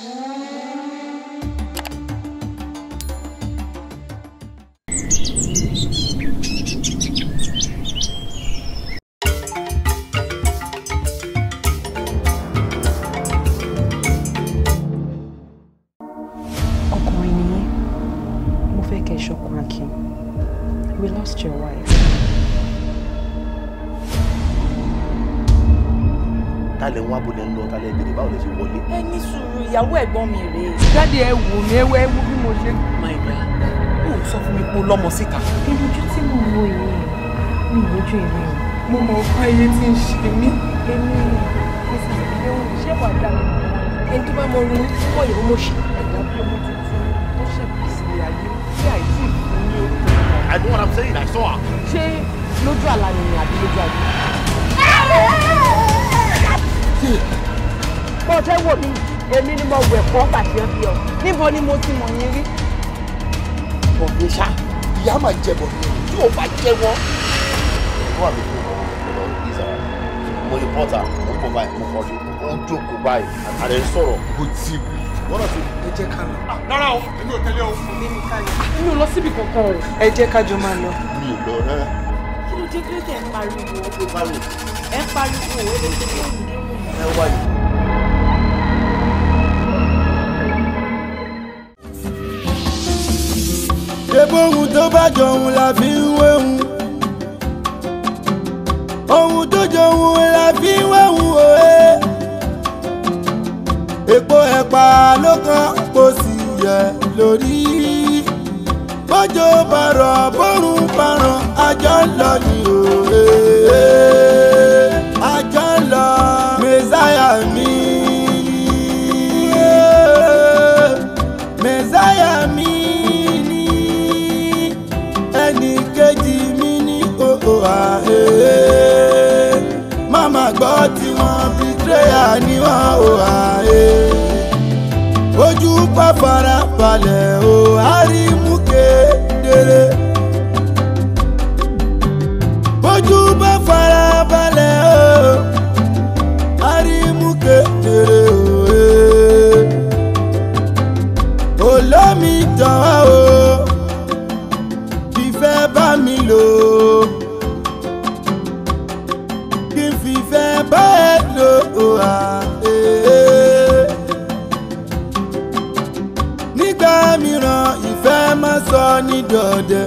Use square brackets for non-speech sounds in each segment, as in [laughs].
Thank you. wò mí ẹwẹ́ bí mo ṣe. Maida, o sọ fún mi pé lọ́mọ síta. Ìrújú tí mo wo yìí ni ìrójú ìrìn. Mo mọ̀ ọ́pá iye tí ń ṣe mí. Èmi ni sísè ilé òun ṣé wàá dà mí. Ẹni tó bá mọ orin tí wọ́n yẹ̀ mo ṣe ẹ̀dá bí ọmọ tuntun tó ṣẹ̀kù sí ayé tí àìsí ìfún ní orúkọ. I know what I'm saying, I saw her. Ṣé lójú àlá ni àbí lójú àgbẹ̀? Bọ́ọ̀tẹ́ wò mí èmi ni mo wẹ̀ kọ́ bàtí ẹ fi ọ níbo ni mo ti mọ̀ yín rí. bọ̀dé ṣá ìyá máa jẹ bọ̀dé tí o bá jẹ wọn. ìwọ àmì kò lọ lọ ìgbésà mo lè pọ́tà mo kọ báyìí mo kọ́ ọ jókòó báyìí àrẹ ń sọ̀rọ̀ kò tí ì wọ́n ti ẹ jẹ́ ká lọ. Ah, rárá o èmi ò tẹ́lẹ̀ o. mi ni ká lọ. Ah, mi ò lọ síbi kankan o. ẹ jẹ́ ká jọ máa lọ. mi ò lọ rárá. kí ló dé kí ló dé ẹ pariwo. ẹ pariwo ẹ lè ṣe kí dé wò. ẹ wáyé. ṣé bóhun tó bá jọ òun la fi ń wéhun ohun tó jọ òun la fi ń wéhun òye èpo ẹ̀pà ló kan kò sì yẹ lórí bójò bàrọ̀ bórun parun àjọ lọ ni òye àjọ lọ mẹ́sáyà mi. wá eh. màmá gbọ́ tí wọ́n fi tírẹ́yà ni wọ́n ò wá eh. ojú pàfàrà balẹ̀ ò àrímú kedere ojú pàfàrà balẹ̀ ò àrímú kedere ò eh. olómi dọ̀dẹ̀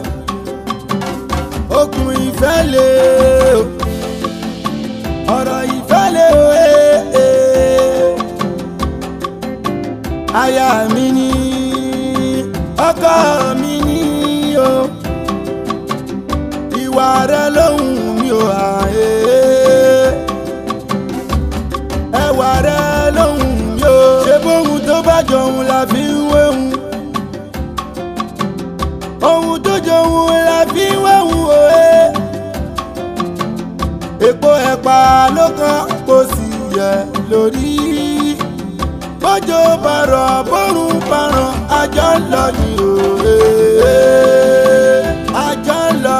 okùn ìfẹ́ lè o ọ̀rọ̀ ìfẹ́ lè o ee eh, eh. aya mi ni ọkọ mi ni o ìwà rẹ lóhùn mi o àyè eh. ẹwà rẹ lóhùn mi o ṣe bóhun tó bá jọun la fi. èpo ẹ̀pà ló kàn kó sì yẹ lórí bójó bàrọ̀ bórun bàrọ̀ àjọ ń lọ ní òwe àjọ ń lọ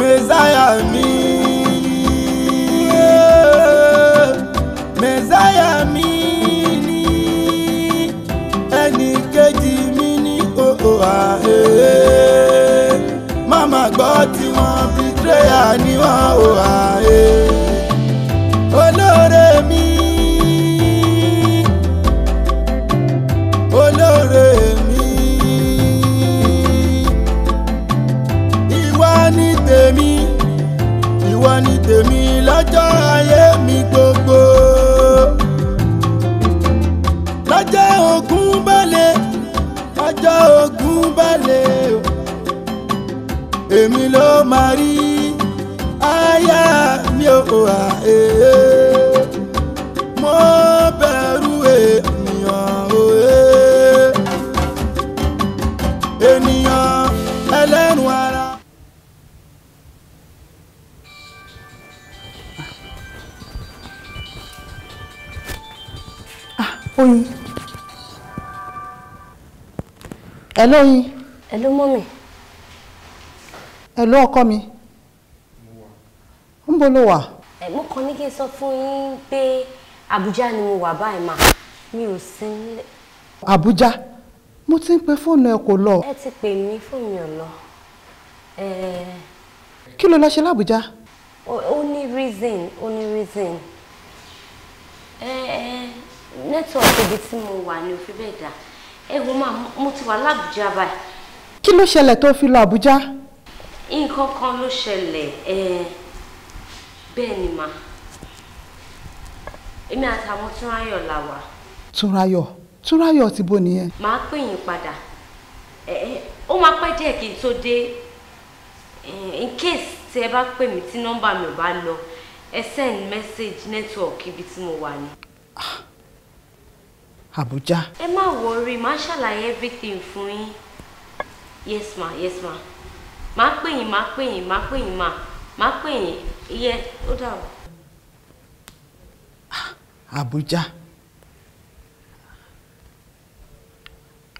mẹ́sáyà mi. mẹ́sáyà mi ni ẹnì kejì mi ní òhò àhẹ́ màmá prayer ni wọ́n ò àyè olóore mi olóore mi ìwọ ni tèmi ìwọ ni tèmi lọ́jọ́ ayé mi gbogbo lọ́jọ́ ogun balẹ̀ lọ́jọ́ ogun balẹ̀ èmi ló máa rí i yá mi ò hà èè eh, eh. mo bẹ̀rù ènìyàn ò eh. èè ènìyàn ẹlẹ́nu ara. Ah, oyin ẹ lóyin. ẹ ló mọ́ mi. ẹ ló ọkọ mi níbo ló wà. ẹ mo kàn ní kí n sọ fún yín pé Àbújá ni mo wà báyìí mà mi ò sí nílé. Àbújá mo ti ń pe fóònù ẹ kò lọ. ẹ ti pè mí fóònù ẹ lọ. kí ló lọ ṣe lábújá. ó ní reason ó ní reason nẹ́tíwọ̀kì ibi tí mo wà ni ò fi bẹ́ẹ̀ dà ẹ wo máa mo ti wà lábújá báyìí. kí ló ṣẹlẹ̀ tó fi lọ Àbújá. nǹkan kan ló ṣẹlẹ̀ ẹ̀ẹ́ bẹ́ẹ̀ ni mà èmi àtàwọn Túnráyọ̀ la wà. Túnráyọ̀ Túnráyọ̀ ti bo nìyẹn. màá pè yín padà ó máa pẹ́ díẹ̀ kí n tó dé in case tí ẹ bá pè mí tí nọ́mbà mi ò bá lọ ẹ send message network ibi tí mo wà ni. Ah, Àbújá. ẹ má wọrí màá ṣàlàyé everything fún yín yes ma yes ma màá pè yín màá pè yín màá pè yín ma màá pè yín. Iye, ó dà o. Abuja.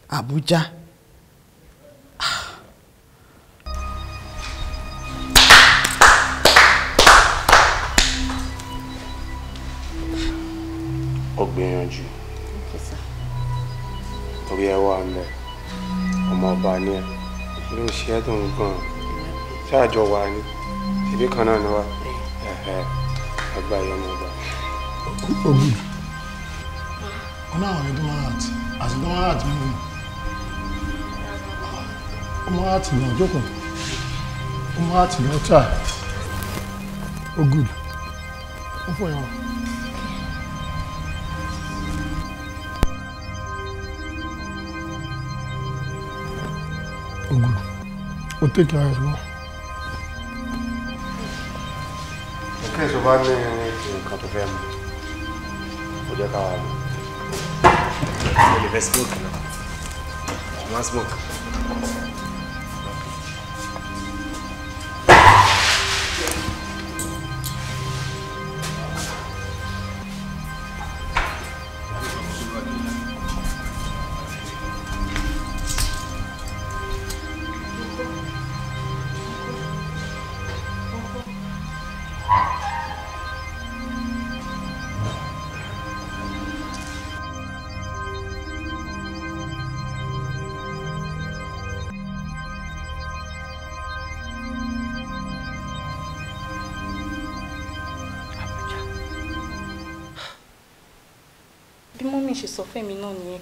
Abuja. Ó gbìyànjú. Orí ẹ wà ń bẹ. Ọmọ ọba ni ẹ. Ilé òṣìṣẹ́ tó ń gbọ̀n. Ṣáàjọ wa ni. Ìbí kan náà ni wa àgbà ìyọnu ọba. ogun wọn náà ní domarat àti domarat mímu domarat ní ọjọ́kan domarat ní ọjà ogun ó fọ yàrá. ogun ó tẹ̀kẹ́ ara ẹ̀ wọ́n. Prețul bani încă pe vreme. Podea ca... Ele vezi smoke, nu? Da. Mă smoke.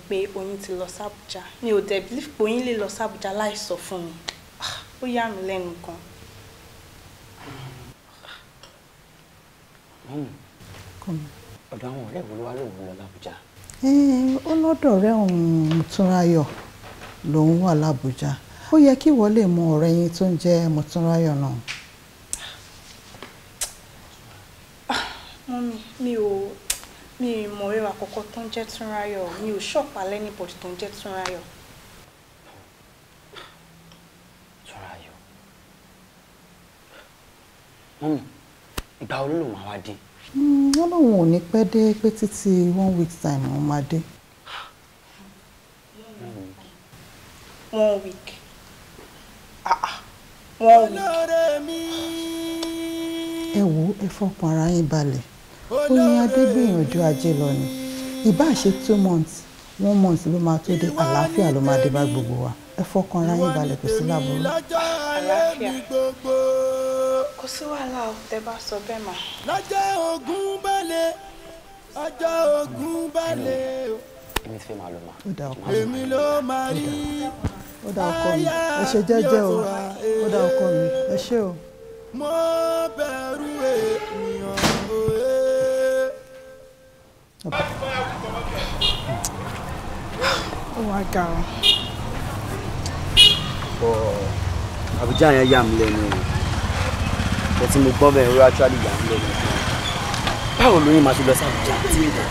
pé oyin ti lọ sábùjá mi ò dẹ̀ believe pé oyin lè lọ sábùjá láì sọ fún mi ah, ó yà mí lẹ́nu gan. ọ̀dọ̀ àwọn ọ̀rẹ́ ìwọlọ́wà ló wù lọ lábùjá. ó lọ́dọ̀ ọ̀rẹ́ òun Mùtúnráyọ̀ lòun wà lábùjá ó yẹ kí ìwọ lè mọ ọ̀rẹ́ yín tó ń jẹ́ Mùtúnráyọ̀ náà. Ah, mọ́mí mi ò mi ì mọ̀rẹ́ àkọ́kọ́ tó ń jẹ́ Túnráyọ̀ mi ò ṣọ̀pá lẹ́nìbọ̀dì tó ń jẹ́ Túnráyọ̀. Túnráyọ̀ mọ́mí ìgbà wo ló lò máa wá dé. Hmm, wọ́n lóun ò ní pẹ́ dé pé títí one week time wọ́n máa dé. one week ah ah one week. ẹ wo ẹ fọkàn ara yín balẹ̀ oyin adégbìyànjú ajé lọ ni ìbá ṣe two months one month ló máa tó dé àlàáfíà ló máa dé bá gbogbo wa ẹ fọkàn ara yín balẹ̀ kò sí láàbùrú. àlàáfíà kò sí wàhálà ò tẹ bá sọ bẹ́ẹ̀ mà. lọ́jọ́ ogun balẹ̀ ọjọ́ ogun balẹ̀ o. èmi ti fẹ́ máa ó dà ọkọ mi ó dà ọkọ mi ẹ ṣe jẹ́jẹ́ o ó dà ọkọ mi ẹ ṣé o. mo bẹ̀rù èèyàn. ó wá ga ọ. ọ Àbújá yẹn yà mí lẹ́nu o bó tí mo gbọ́ bẹ́ẹ̀ ó actually yà mí lẹ́nu báwo lóyún máa ṣe lọ sí Àbújá tí mi bọ̀.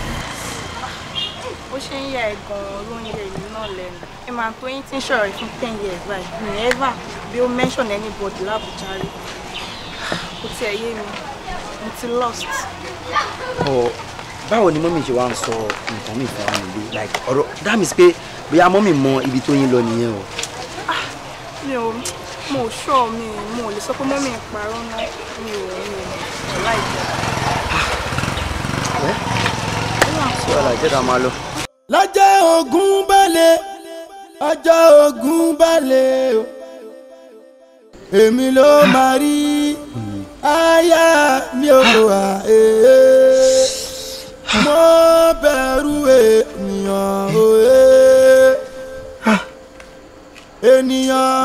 ó ṣe ń yà ẹ̀ gan-an ló ń náà lẹ́nu ẹ máa tó yín tí ń ṣọ̀rọ̀ fún ten years báyìí ní ever bí ó mention anybody lábújá rí kò tiẹ̀ yé mi mo ti lost. Oh báwo ni mọ́mì ṣe wá ń sọ nǹkan mi fún wa nílé like ọ̀rọ̀ that means pé bóyá mọ́mì mọ ibi tó yín lọ nìyẹn o. Ah, mi ò mo ò sọ mi mo ò lè sọ pé mọ́mì ń parọ́ náà mi ò mi ò láìpẹ́. Ah. ẹ ṣé ọ̀la ìjẹ́ta máa lọ. lọ́jọ́ ogun balẹ̀ ọjọ́ ogun balẹ̀ o èmi ló máa rí hmm. aya mi ò wá mo bẹ̀rù ènìyàn òye ènìyàn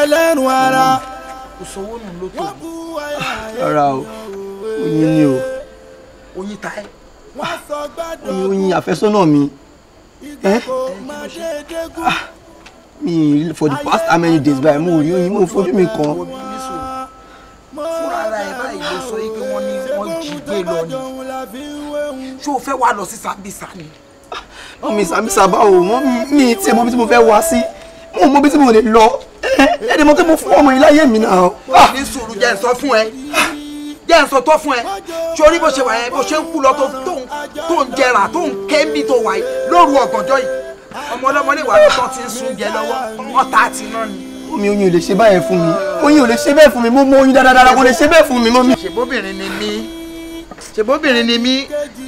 ẹlẹ́nu ara wọ́n bú wáyà rárá o oyin ni o oyin ta ẹ mi ẹ ah, mi for the past how many days báyìí mo rí oyin mo fojú mi kàn fúnra ara ẹ báyìí ló sọ yìí pé wọ́n ní wọ́n jí gbé lọ ni ṣó o fẹ́ wá lọ sí sàbísà ni. mọ́mí sàbísà báwo mọ́mí tí mo bí tí mo fẹ́ wá sí mo mọ bí tí mo lè lọ ẹni mo kí mo fún ọmọ yìí láyé mi náà. wọ́n ní sùúrù jẹ́ nsọ fún ẹ jẹ́ nsọ tó fún ẹ sórí bó ṣe wà yẹn bó ṣe ń kú lọ tó ń jẹrà tó ń ké mi tó wà yìí lóru ọ̀gànjọ́ yìí ọmọ ọlọ́mọ lè wà lọ́tọ́ ń sun jẹ lọ́wọ́ ọ̀tá àti náà ni. omi oyin ò lè ṣe báyẹn fún mi oyin ò lè ṣe bẹ́ẹ̀ fún mi mo mọ oyin dáradára kò lè ṣe bẹ́ẹ̀ fún mi mọ́ ṣèbóbìnrin ni mí ṣèbóbìnrin ni mí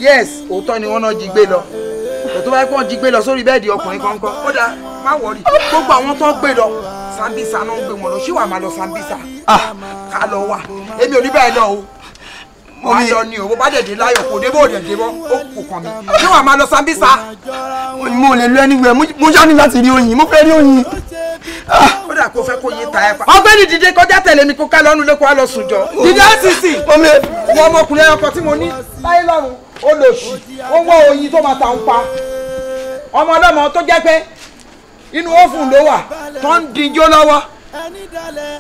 yes òótọ́ ni wọ́n náà jí gbé lọ òótọ́ bá pọ́n jí gbé lọ sórí bẹ́ẹ̀dì ọkùnrin kankan ó dáa má wọ̀rí gbogbo àwọn tó ń gbé lọ sambisa náà ń gbé wọn lọ ṣé wàá máa lọ sambisa ah, ká lọ wà èmi ò ní bẹ́ẹ̀ lọ o ayọ̀ ni o bó bá dẹ̀dẹ̀ láyọ̀ kò dé bó dẹ̀dẹ̀ bọ́ ó kò kàn mí ṣé wàá máa lọ sambisa. mo lè lọ ẹniwẹ̀ mo já ní láti rí oyin mo fẹ́ rí oyin. Ah. ó dà kó fẹ́ kó yé ta ẹ pa. ọ̀gbẹ́ni dìde kọjá tẹ̀lé mi kó ká lọ́nu lóko á lọ sùn jọ. dìde ncc wọ ọmọkùnrin ẹranko tí mo ní láyé lọ́run ó lò sí ó wọ oyin tó máa ta ń pa ọmọ ọlọ́mọ tó jẹ́ pé inú ófùn ló wà tó ń díjó lọ́wọ́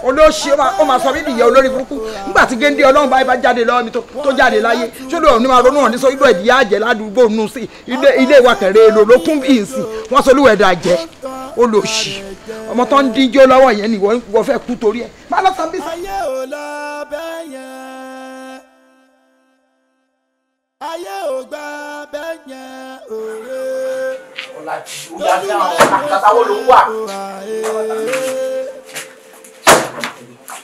olóṣì ó máa sọ mí nìyẹn olórí burúkú nígbà tí géńdé ọlọ́run báyìí bá jáde lọ́wọ́ mi tó jáde láyé ṣọlọ òní máa ronú ọ̀ní sọ ibò ẹ̀dí yá jẹ ládùúgbò nù sí ilé ìwà kẹrẹ èlò ló kún bí nsì wọn sọ olúwẹ̀ dà jẹ olóṣì ọmọ tó ń díjó lọ́wọ́ yẹn ni wọ́n fẹ́ kú torí ẹ̀ má lọ sàn bí sàn. ayé ò lọ bẹ́ẹ̀ yẹn ayé ò gbà bẹ́ẹ̀ yẹn òye. ọ̀làjì ó yá wà.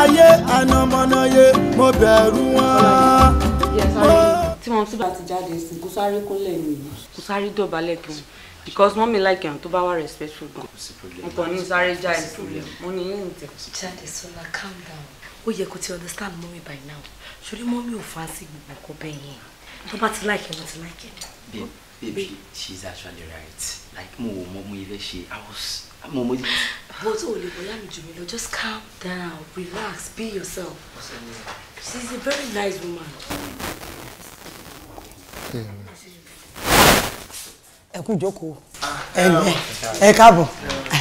ayé ànàmọ́nàyé mo bẹ̀rù wọn. tí wọn tún bá ti jáde sí kó sáré kúnlẹ̀ ni kó sáré dọ̀bálẹ̀ tó because mọ́mí láìkẹ́ àwọn tó bá wà respectful gan mo kàn ní sáré já ẹ̀ mo ní yín tẹ̀. jáde sọlá calm down ó yẹ kó ti understand mọ́mí by now ṣorí mọ́mí ò fa sí gbogbo nǹkan bẹ́ẹ̀ yẹn tó bá ti láìkẹ́ wọn ti láìkẹ́. babe babe she is actually right like mo wo mo mo ilé ṣe i was àmọ́ mo. bó you o lè bóyá just calm down relax be yourself She's a very nice woman. ẹ kú jókòó ẹ káàbọ̀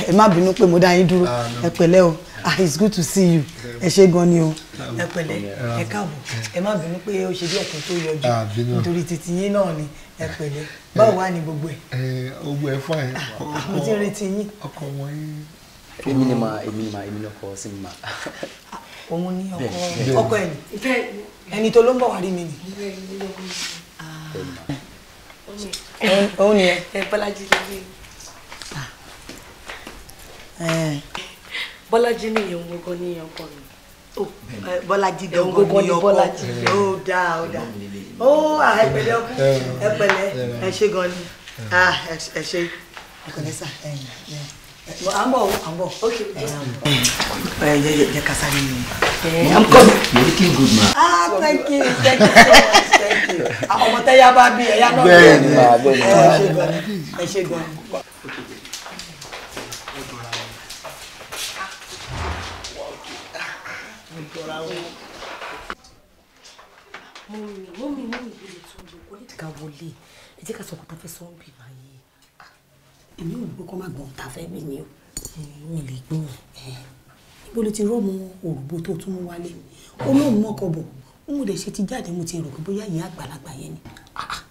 ẹ má bínú pé mo dá yín dúró ah, ẹ pẹ̀lẹ́ o ah it's good to see you ẹ ṣe gan ni o ẹ pẹ̀lẹ́ ẹ káàbọ̀ ẹ má bínú pé ó ṣe díẹ̀ kó tó yọjú ah, nítorí títí yín náà ni ẹ pẹ̀lẹ́ báwo wà ní gbogbo ẹ. ogun ẹ fún ẹ. mo ti retí yín. ọkọ wọn yín. èmi ni màá èmi ni màá èmi ni ọkọ sí mi màá. òun ni ọkọ ọkọ ẹni ẹni tó ló ń bọ̀ wá rí mi ni. òun ni ẹ. ẹ bọ́lájí lè rí i bọ́lájí ní ìyẹn gbogbo ní ìyẹn ọkọ mi oh, eh, bọ́lájí dẹ̀ gbogbo ní bọ́lájí oh, ó dáa ó dáa ó oh, ẹ pẹ̀lẹ́ ọkú ẹ pẹ̀lẹ́ ẹ ṣe gan ni ẹ ṣe ìkọ̀lẹ́sà ah, à ń bọ̀ à ń bọ̀ ẹ yẹ yẹ yẹ kasa ni mi. I'm coming. You're looking good man. ah thank you thank you so much thank you. Ah, ọmọ tẹ́yà bá bí ẹ̀yà náà. bẹ́ẹ̀ ni ẹ ṣe gan ẹ ṣe gan. jọra wọn. mo rìn mo rìn mo rìn ìbéèrè tó ń lò kó lè ti ká wọlé ẹ jẹ́ ká sọ pé ta fẹ́ sọ ń bì báyìí. Ah, èmi ò gbé kó má gbọ́n ta fẹ́ bí ni o. mi lè gbọ́n eh, níbo ló ti rọ́ọ̀mù òrùbó tó tún mú wálé olóhùn mọ́kọ bọ̀ n ò lè ṣe ti jáde mo ti rò pé bóyá ìyá àgbàlagbà yẹn ni ah, ah,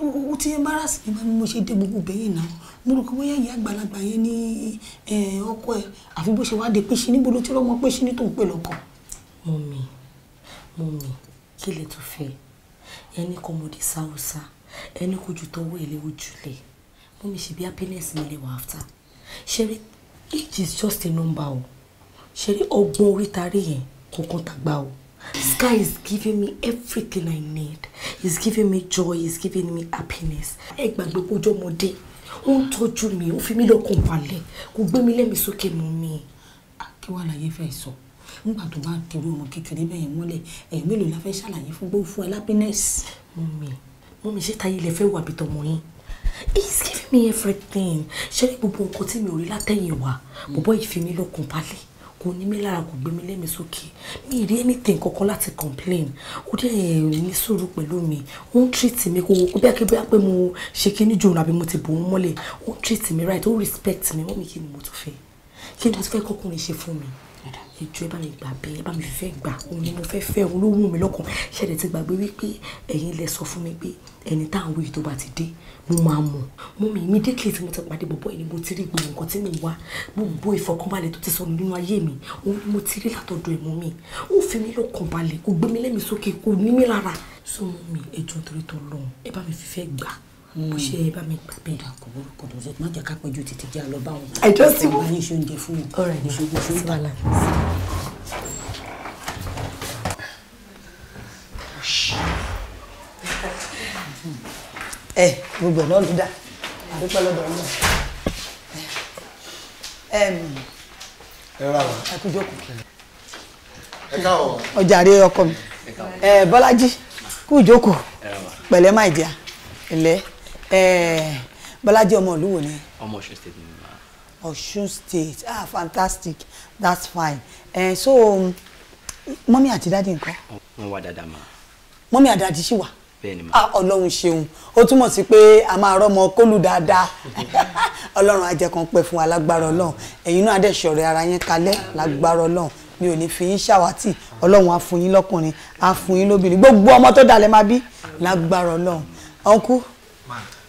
o ti embarrass mi báyìí mo ṣe dé gbogbo bẹ́yìn náà mo rò pé bóyá ìyá àgbàlagbà yẹn ní eh, ọkọ ẹ àfi bó ṣe wá de pínṣín níbo ló ti rọ́ọ̀mù pínṣín tó ń pè lọ́kọ̀ọ́ mọ́mì mọ́mì kí lè tún fẹ́ ẹni kọ́ ọmọdé sáwùsá ẹni kojú tọwọ́ ẹlẹ́wọ́ jùlẹ̀ mọ́mì ṣe bí happiness mi lè wà after ṣeré age is just a number o ṣeré ọgbọ́n orí tarí yẹn kankan tàgbà o sky is giving me everything i need he's giving me joy he's giving me happiness ẹ gbàgbé kójọ́ ọmọdé ó ń tọ́jú mi ó fi mí lọ́kàn balẹ̀ kò gbé mi lẹ́mìí sókè mọ́ ah, kí wàá láyé fẹ́ sọ. So nígbà tó bá dirú ọmọ kékeré bẹ́yẹn mọ́lẹ̀ ẹ̀yìn mélòó la fẹ́ ṣàlàyé fún gbó fún ẹ lápínẹ́sì. mọ́mí mọ́mí ṣé táyé lè fẹ́ wà bí tọmọ yín he's giving me everything ṣé ní gbogbo nǹkan tí mi ò rí látẹ̀yìn wá bọ̀bọ̀ ìfimi lókun balẹ̀ kò ní mí lára kò gbé mi lẹ́mi sókè mi ì rí anything kankan láti complain ó dẹ̀ ní sùúrù pẹ̀lú mi ó ń treat mi kò wò bí akébí pé mo ṣe kí ní jòrò àbí mo ti bò ó mọ́lẹ̀ ó ń treat mi right ó respect mi wọ́n mi kí ni mo tún fẹ́ kí ni mo tún fẹ́ kọ́kùnrin ṣe fún mi ìjọ ẹ bá mi gbà bẹ́ẹ̀ ẹ bá mi fẹ́ gbà òun ni mo fẹ́ fẹ́ òun ló wù mí lọ́kàn ṣẹ̀dẹ̀ ti gbàgbé wípé ẹ̀yin lẹ sọ fún mi pé ẹni tá à ń wí tó bá ti dé mo máa mọ̀ mo mi immediately tí mo ti pàdé bọ̀bọ̀ ẹni mo ti rí gbogbo nǹkan tí mo wá gbogbo ìfọkànbalẹ̀ tó ti sọnù nínú ayé mi òun ni mo ti rí látọ̀dọ̀ ẹ̀mú mi ó fi mí lọ́kàn balẹ̀ kò gbé mi lẹ́mìí sókè kò ní mí lára so mo mi ẹjọ́ torí tó lọ́hùn ẹ bá mi fífẹ́ gbà mo mm. ṣe bá mi gbà bẹ́ẹ̀. kò tó ṣe má jẹ́ ká pẹ́jù títí jẹ́ lọ bá wọn. àìjọsìn wọn. báyìí ṣe oúnjẹ fún wọn. ọ̀rẹ́ mi ṣògo fún wàhálà. ẹ gbogbo náà ló dá àdúpẹ́ lọ́dọ̀ ọ̀nà ẹ kú jókòó ẹ ọkọ mi ẹ kú jókòó pẹ̀lẹ́ máa jẹ ilẹ̀. Eh, Bọ́lájí ọmọ ìlú wo ni. ọmọ Ọ̀ṣun state ni mà. Ọ̀ṣun state ah fantastic that's fine uh, so mọ́mí àti dáàdì ńkọ́. wọ́n wá dáadáa mà. mọ́mí àti dáàdì ṣì wà. bẹ́ẹ̀ni mà. ah ọlọ́run ṣeun ó túmọ̀ sí pé a máa rọ́mọ kólù dáadáa [laughs] ọlọ́run ajẹ́kan pẹ́ fún wa lágbára ọlọ́run ẹ̀yin náà adẹ́sọ̀rẹ́ ara yẹn kalẹ̀ lágbára ọlọ́run mi ò ní fi yín ṣàwátì ọlọ́run á fún yín lọ́kùnrin á yín lóbìnrin gbogbo ọmọ tó dalẹ̀ máa bí lágbára ọlọ́run ọ̀nkú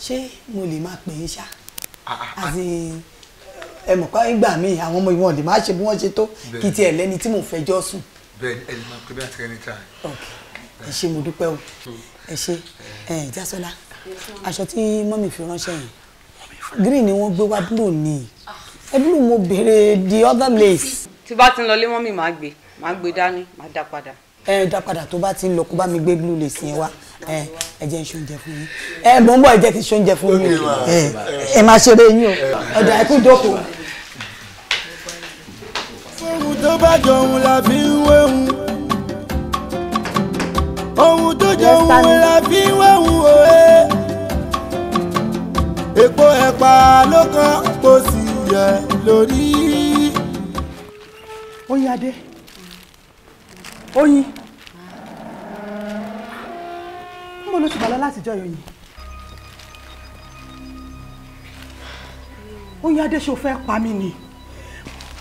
ṣé mo lè máa pè é ṣá àti ah, ah, ah. ẹ mọ̀ pé ìgbà míì àwọn ọmọ ìwọ̀n lè má ṣe bí wọ́n ṣe tó kí tiẹ̀ lẹ́ni tí mò ń fẹjọ́ sùn. bẹ́ẹ̀ni ẹ lè máa pè mí àti ẹni tá ok ẹ ṣe mo dúpẹ́ o ẹ ṣe ẹ jásọ́lá aṣọ tí mọ́mì fi ránṣẹ́ yẹn green ni wọ́n gbé wá blue ni ẹ blue mo béèrè the other place. tí bá ti ń lọ lé mọ́mì máa gbé máa gbé dání máa dá padà ẹ dá padà tó bá ti ń lọ kó bá mi gbé blue lace yẹn wá ẹ ẹ jẹ́ ṣe oúnjẹ fún yín ẹ mò ń bọ̀ ẹ jẹ́ kí ṣe oúnjẹ fún yín ẹ máa ṣeré yín o ọ̀dà ẹ̀kú jókòó. ohun tó bá jọ òun la fi ń wéhun ohun tó jọ òun la fi ń wéhun òye èpo ẹ̀pà ló kàn kó sì yẹ lórí. ó yá dé oyin níbo ló ti bàlọ́ láti jọ ìyọ̀yìn oyin adéṣe fẹ́ pa mí ni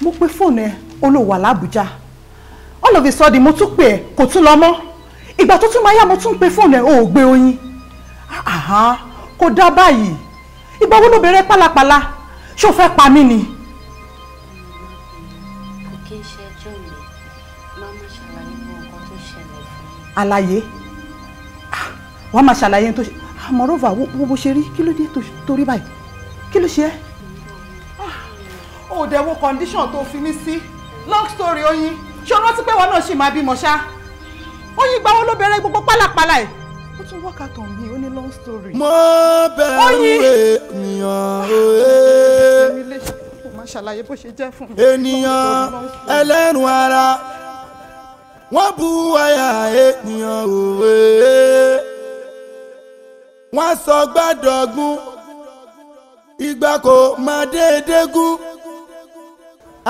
mo pe fóònù ẹ olówà làbújá all of a sudden mo tún pè ẹ kò tún lọ mọ́ ìgbà tó tún máa yá mo tún pe fóònù ẹ o ò gbé oyin kò dá báyìí ìgbà wo ló bẹ̀rẹ̀ pálapàla ṣó fẹ́ pa mí ni. àlàyé ah, wọ́n máa ṣàlàyé tó ṣe ah, wo bó ṣe rí kí ló dé tó rí báyìí kí ló ṣe é. ò ah, dẹ̀wò condition tó fi mí sí long story oyin ṣé o rántí pé wọn náà ṣì máa bímọ ṣá oyin gbàwó ló bẹ̀rẹ̀ gbogbo pálapàla ẹ̀ ó tún wọ́ọ̀kà tàn mí ó ní long story. mo bẹ̀rù ènìyàn òye. ènìyàn ẹlẹ́nu ara wọ́n bu àyà ènìyàn òwe wọ́n sọ gbàdọ̀gún ìgbà kò má déédé gún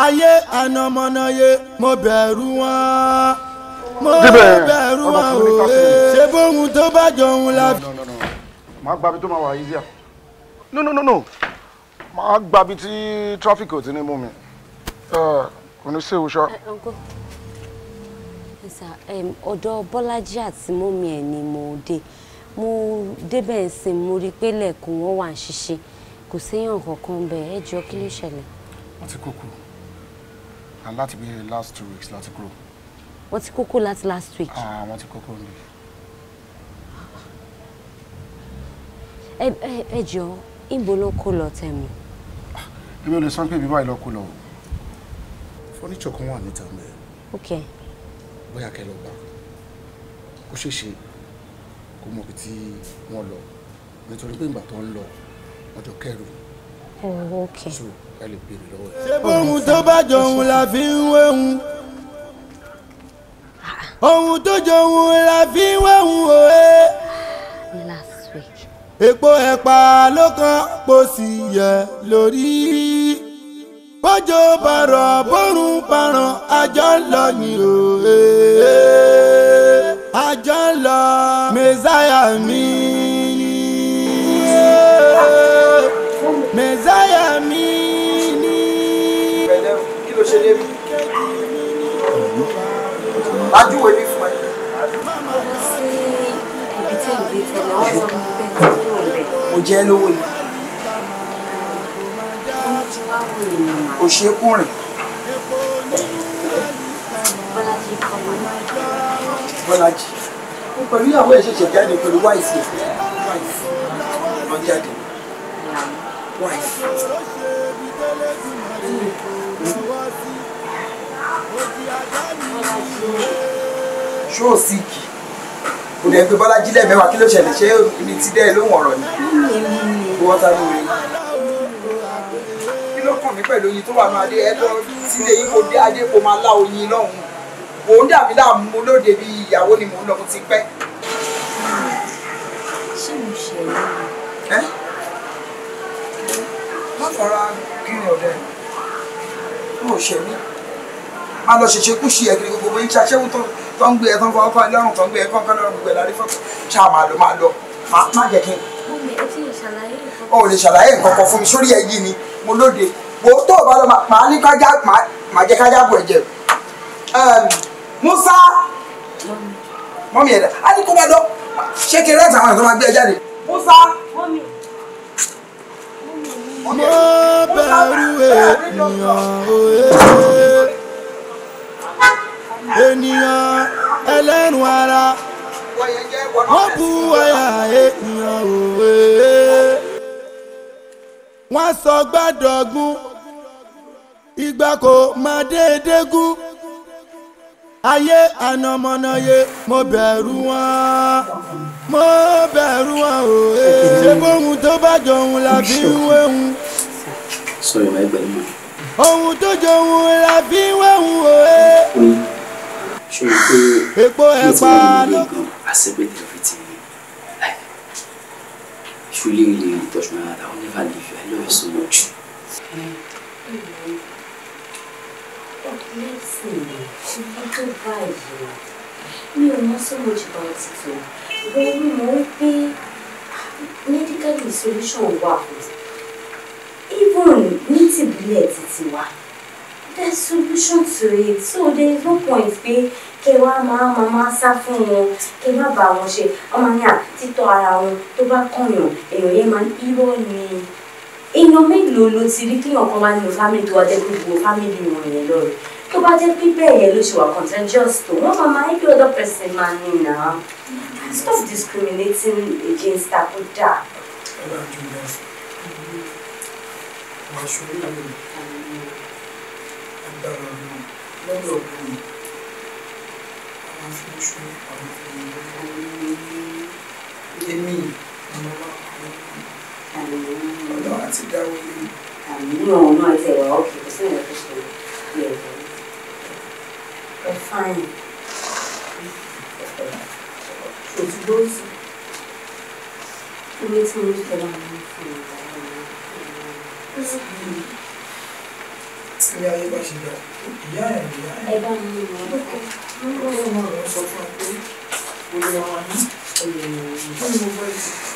ayé ànàmọ́nàyé mo bẹ̀rù wọn mo bẹ̀rù wọn òwe ṣé bóhun tó bá jọun la. màá gba tó máa wà yíyá no no no no màá gba ibi tí tráfíkì ò ti ní mú mi uh, kò ní sí ìwúṣọ sà ọ̀dọ̀ Bọ́lájí àti mọ́mí ẹ̀ ni mo dé mo débẹ̀ ń sìn mo rí i pé lẹ́ẹ̀kùn wọn wà ń ṣiṣẹ́ kò séèyàn kankan bẹ́ẹ̀ ẹ jọ kí ló ṣẹlẹ̀. wọ́n ti kúkú láti bí last two weeks láti kúrò. wọ́n ti kúkú láti last week. Ah, wọ́n ti kúkú ní. ẹ jọ ìbò ló kó lọ tẹ̀ mí. Ah, èmi ò lè sọ pé bíbá ìlọ kó lọ o fọ́nìṣọ̀ kan wà níta mẹ́ẹ̀. okay bóyá kẹ́ lọ bá ó ṣèṣe kó mọ̀ tí wọ́n lọ nítorí pé ìgbà tó ń lọ ọjọ́ kẹrù oh, so ẹ lè béèrè lọ́wọ́ ẹ. ṣé bóun tó bá jọ la fi ń wéhun ohun tó jọ la fi ń wéhun òwe. èpo ẹ̀pà ló kàn kó sì yẹ lórí bọ́jọ́ bàrọ̀ bọ́rùn parọ̀ àjọ lọ ni o eh, eh. àjọ lọ mẹ́sáyà mi eh. mẹ́sáyà mi ni. kí ló fún ẹ. mo jẹ́ lówó. ṣe kúrìn. Bọ́lájì pẹ̀lú ìyàwó ẹ̀ ṣẹ̀ṣẹ̀ jáde pẹ̀lú wáìsì lọ jáde wáìsì. ṣó síkì kò dẹ̀ gbé Bọ́lájí lẹ́ẹ̀mẹ́wàá kí ló ṣẹlẹ̀ ṣé ibi tí dẹ́ẹ̀ ló ń wọ̀rọ̀ ni. wọ́n sáré wọlé mí pẹ̀lú oyin tó wà ní adé ẹ lọ sílé yín kó dé adé kó máa lá oyin lọ́hùn mò ń dàbí láàmú mo bí ìyàwó ni mò ń lọ mo ti pẹ́. ṣé mo ṣe é. má fara gírin ọ̀dẹ mo ò ṣe mí má lọ ṣèṣe kú ṣe ẹ̀gìrì gbogbo yín ṣaṣẹ́wó tó ń gbé ẹ̀ tó ń fọwọ́ kọ́ ẹ lọ́rùn tó ń gbé ẹ̀ kọ́ńkọ́ lọ́rùn gbogbo ẹ̀ lárí fọ́tò ṣáà máa lọ máa lọ má jẹ́ kí n. o lè ṣàlàyé nǹkan kan fún mi sórí ẹ yìí ni mo lóde wo tó lọ màá ní kájá màá jẹ kájá bọ̀ ẹ̀jẹ̀ Musa mọ́mí ẹ̀dá á ní kó bá lọ ṣé kí rẹ́ẹ̀tì àwọn ìjọba gbé ẹ jáde Musa. mo bẹ̀rù ènìyàn òye ènìyàn ẹlẹ́nu ara wọ́n bu wáyà ènìyàn òwe wọ́n sọ gbàdọ̀gún ìgbà kò máa gu gún ayé ye mo bẹ̀rù wọn mo bẹ̀rù wọn o eh. ṣé bóhun tó bá jọ òun la fi ń wéhun ohun tó jọ òun la fi ń wéhun o eh. epo ẹ̀pà ló. Truly, really, really touched my heart. I will never leave you. I love you so much. Mm. Listen, ṣùgbọ́n tó báyìí mi ò mọ so much about it o. Wọ́n rí mọ́ pé medical solution wà fún it. Even ní tìbílẹ̀ títí there's solution to it. So there is no point pé kẹ wá máa máa máa sá fún wọn, kẹ má bá wọn ṣe. Ọmọ ní à títọ́ ara wọn tó bá kànyàn, èèyàn yẹn máa ń irọ́ ni èèyàn mélòó ló ti rí kíyàn kan máa nínú family tó wá jẹ́ pé gbogbo family wọn yẹn lọ́rọ̀ tó bá jẹ́ pé bẹ́ẹ̀ yẹn ló ṣe wà contagious tó wọ́n máa máa every other person máa ní nà á stop discriminating against àkúdà. ọ̀la jùlọ máa náà àti dáwọ́ lé. àmì náà òun náà ti ẹ̀wà ọ̀kẹ́ kò sí ìyẹn tó ṣe bí ẹ̀dọ́ ẹ fáyìn òtúgbó sí ilé tí mo ń tẹ̀lé àwọn ọmọ fún ìgbà yẹn tí ayé bá ṣe dà ìyá ẹ̀ ìyá ẹ̀ ẹ bá mi ní ìwà ọkọ ló ń sọ fún wa pé olùwàwà ní olùwàwà ní kí ni mo bá yìí.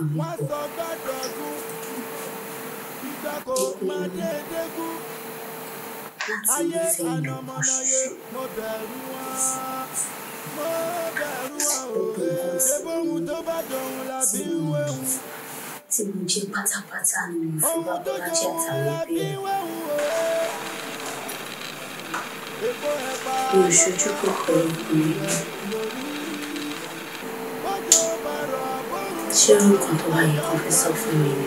má sọ gbàdọ̀ ọdún ìgbà kò má dédé kú ayé ànàmọ́nà yé mo bẹ̀rù wá mo bẹ̀rù wá òwe ṣébóhun tó bá dọ̀hun la wéhun. tí mo jẹ pátápátá ni mo fi bá bọ́lá jẹ àtàwọn ẹgbẹ́ olùṣojú kòkòrò ìgbìmọ̀ ṣé nǹkan tó wáyé kan fẹ́ sọ fún mi ni.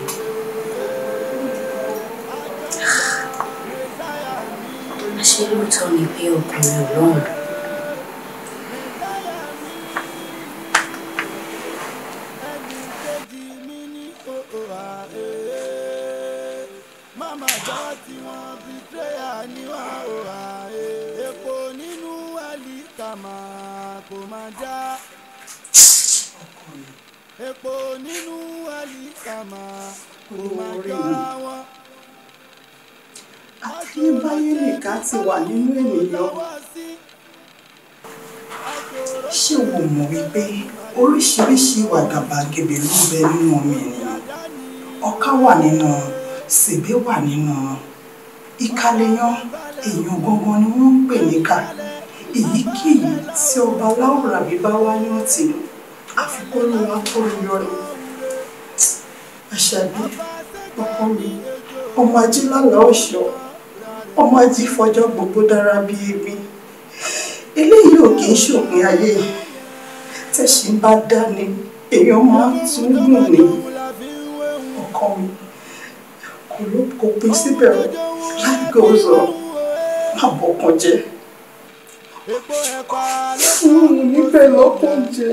Ah. àṣé lóòótọ́ ni pé ọkùnrin ò lọ́rùn. epo nínú àlìkàmà kò máa jọra wọn. akínbáyé nìkan ti wà nínú ènìyàn ṣé o mọ̀ wípé oríṣiríṣi ìwà gàbàgebè ló ń bẹ nínú ọmọ ènìyàn ọ̀ká wà nínú sèbé wà nínú ìkàlẹ́yàn èèyàn gangan ni wọ́n ń pè níkà èyíkéyìí tí ọba láwùrà bí wá ní ọ̀tí ló àfikún ni wọn kó mi yọrí àṣàbí ọkọ mi ọmọ ají lánàá ọṣọ ọmọ ají fọjọ́ gbogbo dára bí ebi eléyìí ò kì í ṣòpin ayé tẹ̀sí bá dá ni èèyàn máa tún gùn ní ọkọ mi kò ló kò pín síbẹ̀ láìpẹ́ òzò má bọ̀kan jẹ́ fún un níbẹ̀ lọ́kàn jẹ́.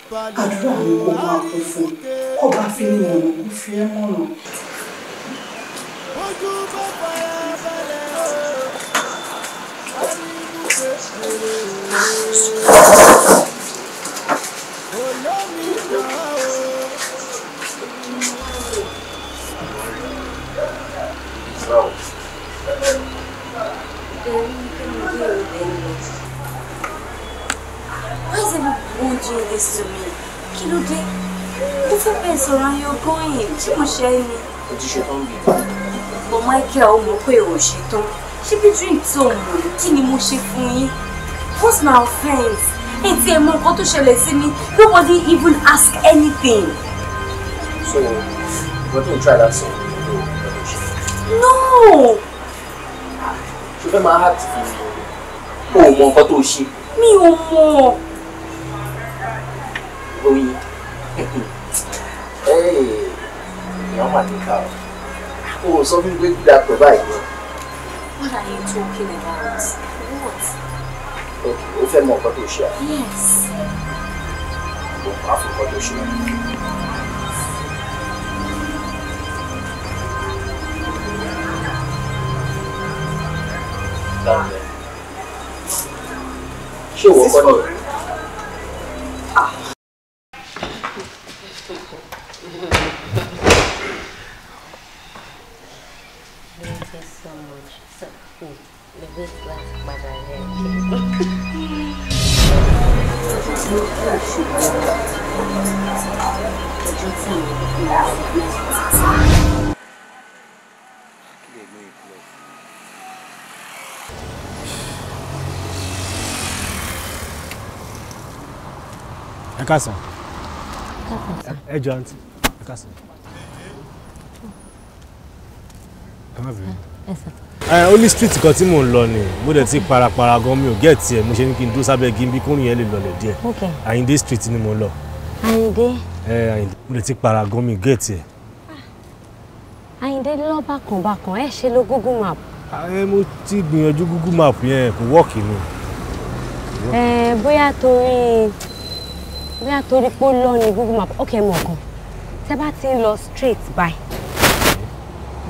àdúrà ni kò máa kú fún kó bá fi ní ìmọ̀nà kó fi ẹ́ mọ̀nà. ojú bá Why is everyone doing this to me? Kí ló dé? Mo fẹ́ bẹ̀rẹ̀ sọ̀rọ̀ ayé ọgbọ́n yìí. Ṣé mo ṣe ẹni? O ti ṣetán bí. Bọ̀ Michael ó mọ̀ pé o ṣetán. Ṣé bí drink tó mọ̀ What's my offense? Ẹ ti ẹ̀ mọ nǹkan tó ṣẹlẹ̀ sí Nobody even ask anything. So, what do you try that song? No! Ṣé o fẹ́ máa Oh, fún mi? O ò mọ nǹkan Oyin. Èèyàn mà ní ká o. O sọ fún mi pé What are you talking about? What? Okay, o fẹ́ mọ ọkọ Yes. O máa fi ọkọ tó ṣe à. Ṣé ìwọ kọ́ ni? kásán. ẹ jọ àǹtí ẹ kásán. ẹ má bẹ̀rẹ̀. ẹ only street kan tí mò ń lọ ni mo dẹ̀ ti para gan mi ò gẹ̀ tiẹ̀ mo ṣe ní kí n dúró sábẹ́ gímbí kórìn yẹn lè lọlẹ̀ díẹ̀ Àyìndé street ni mo lọ. Àyìndé. ẹ Àyìndé mo dẹ̀ ti para gan mi ò gẹ̀ tiẹ̀. Ah, Àyìndé lọ bákan bákan ẹ ṣe lo Google map. ẹ mo ti gbìyànjú Google map yẹn kò wọ́ọ̀kì ni. ẹ bóyá torí bóyá torí pé ó lọ ní google map ok mọ̀ kan tẹ́ bá ti ń lọ straight by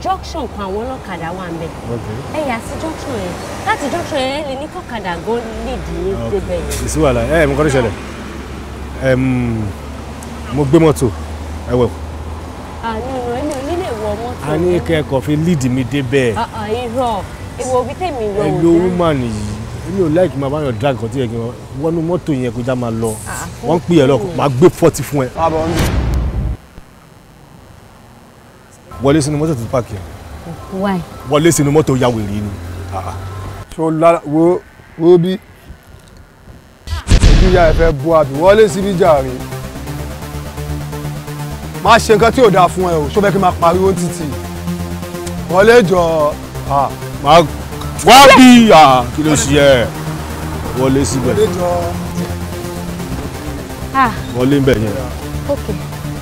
junction kan àwọn ọlọ́kadà wà ń bẹ̀ ẹ yà sí junction yẹn láti junction yẹn lè ní kọ́kadà gan lédi yín débẹ̀ yẹn. kì í sí wàhálà ẹ mo kọ́ ló ṣẹlẹ̀ mo gbé mọ́tò ẹ wẹ̀. àná ẹni onílé wọ mọ́tò. a ní kẹ́kọ̀ọ́ fi lead mi débẹ̀. Ah, ah, irọ́ èwo bíi tèmi lọ òde. ẹ woman yìí èmi ò láìkí máa bá yàn drag kan tí yẹ kí wọn wọnú mọ́tò yẹn kó já máa lọ ah, ah. wọ́n ń pè ẹ́ lọ máa gbé fọ́tì fún ẹ. wọlé sínú mọ́tò tó pààkì ẹ̀. wọlé sínú mọ́tò ya wèrè ni. Ah, so lára wo wo bí ìyá ẹ fẹ́ bu àbí wọlé síbi jàre má ṣe nǹkan tí ò dáa fún ẹ o ṣó fẹ́ kí n máa pariwo títì wọlé jọ. máa wá bí kí ló ṣe ẹ wọlé síbẹ̀ wọlé ń bẹ̀ yẹn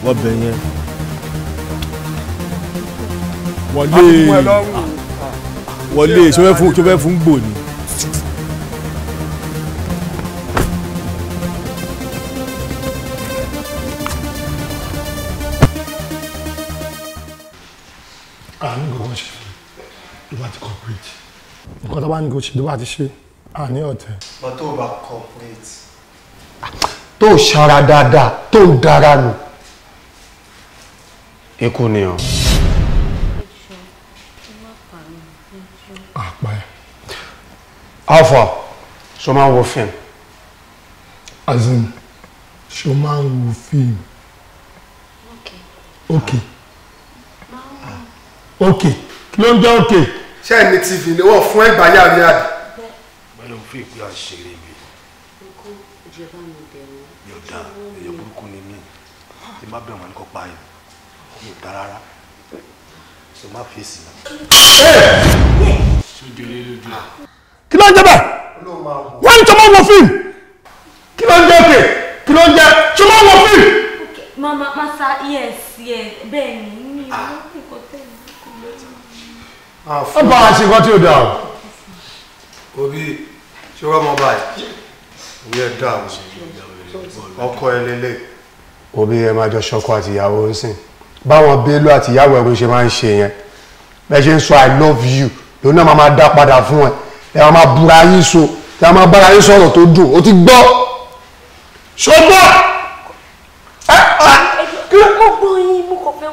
wọ́n bẹ̀ yẹn wọlé wọlé ṣọfẹ́ fún gbò ni. bá ní kò ṣe tó bá ti ṣe à ní ọ̀tẹ̀. bá tó o bá complete. tó o ṣara dáadáa tó o dára nù. ikú ni o. àpá alpha ṣo máa wo fíìmù. azim ṣo máa ń wo fíìmù. ok. ok. ok. kí ló ń ok. okay ṣé ẹ ní tv ni wọ́n fún ẹgbà yàrá àdì. bẹ́ẹ̀ ló fi ìpè àṣírí mi. yóò dá èyàn burúkú ni mí tí má bẹ̀rù wọn kọ́ pa yìí yóò dá rárá ṣe má fèsì. kí ló ń jẹ bẹ́ẹ̀ wọ́n ń tọ́mọ́ wọ fíìmù kí ló ń jẹ òkè kí ló ń jẹ tọ́mọ́ wọ fíìmù. mama masa yes yes bẹ́ẹ̀ ni mi ò ah. ní kò tẹ̀lé ọ bá wa ṣe nǹkan tí ó dà o. obi ṣé wọ́n mọ báyìí ìwé ẹ̀ dà o ọkọ ẹ lélẹ̀. obi ẹ máa jọ ṣọkọ àtìyàwó ń sìn báwọn bello àtìyàwó ẹ̀gbọ́n ṣe máa ń ṣe yẹn bẹ́ẹ̀ ṣe ń sọ i love you lòun náà máa dá padà fún ẹ ẹ máa búra yín so ẹ máa bára yín sọ̀rọ̀ tó dùn ó ti gbọ́ ṣọgbọ́n.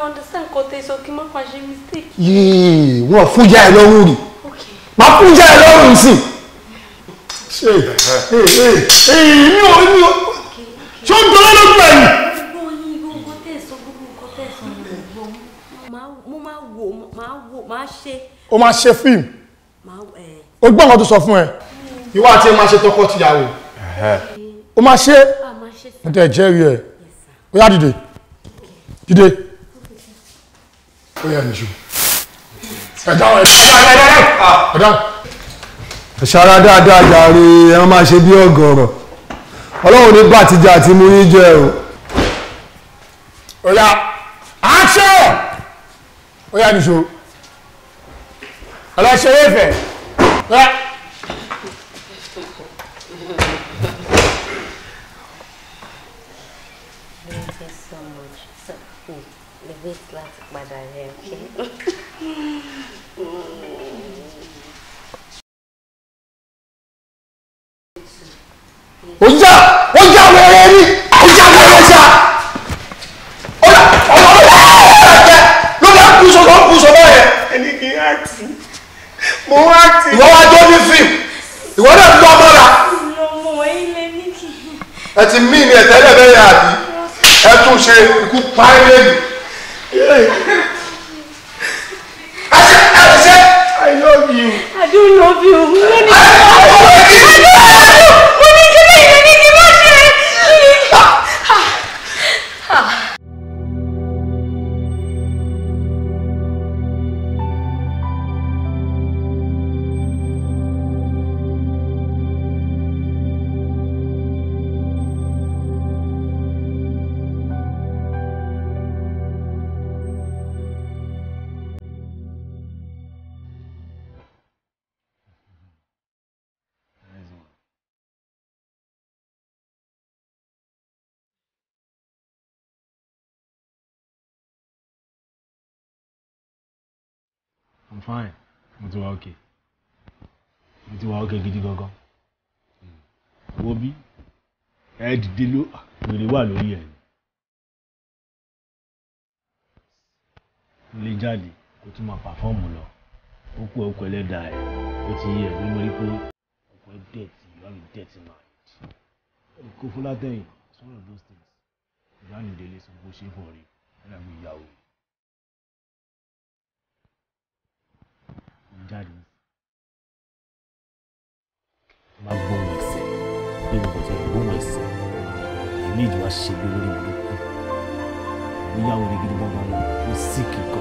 understand nǹkan tẹ sọ kí n má fa ṣe mistake. yéè wọn fún ìyá ẹ lọ́rùn rì máa fún ìyá ẹ lọ́rùn sí. ṣe èyí mi ò mi ò ṣé ó ń tọ́lá lójú ẹ̀yìn. mo máa o máa ṣe fíìmù o gbọ́ àwọn tó sọ fún ẹ ìwọ àti ẹ máa ṣe tọkọ-tìyàwó o máa ṣe ẹ tẹ jẹ́rìí ẹ o yá dìde dìde ó dáadáa jàre ẹ máa ṣe bí ọ̀gọ̀rọ̀ ọlọ́run ní bàtìjà àti mú jẹ o. ó yá aṣọ nìṣó ọlọ́ṣẹ́ yóò fẹ́ Thank you so much. So, hmm, the weight class padà rẹ òkè. Oja! Oja wẹ̀rẹ̀ ni! Oja wẹ̀rẹ̀ ṣá! Ọ̀la ọ̀la ọ̀la ẹ̀ẹ́dẹ̀ ló bá kú sọ lọ́ọ́ kú sọ báyẹn. Ẹni kì í àtì. Mo wá tì. Ìwọ wá jọ ní fíìmù. Ìwọ náà ń lọ mọ́ra. Ẹ ti mí ni ẹ̀tẹ́lẹ̀ bẹ́ẹ̀ yà á bí. Ẹ tún ṣe ikú páírẹ́ẹ̀lì. I said, I said, I love you. I do love you. I, love you. I, I, I, I, fine mo ti wà òkè mo ti wà òkè gidi gangan wo bí ẹ dìde ló ah, wèrè wà lórí ẹ lè jáde kó tún máa pàfọ́ọ̀mù lọ ó kú ọkọ ẹlẹ́dàá ẹ̀ ó ti yẹ ẹ̀ lórí pé ọkọ ẹ̀ dẹ̀tì you have a dirty mind kò fúnlá tẹ̀yìn sọ̀rọ̀ those things ìyá nìdílé sọ bó ṣe fọ̀ rí ẹ̀ dàgbé ìyàwó. jáde má gbóhùn ẹsẹ̀ bí mo kò tẹ gbóhùn ẹsẹ̀ èmi ìjọba ṣe bí olórí mi ló kú bóyá orí gidi gbọ́ngàn ló sì kíkọ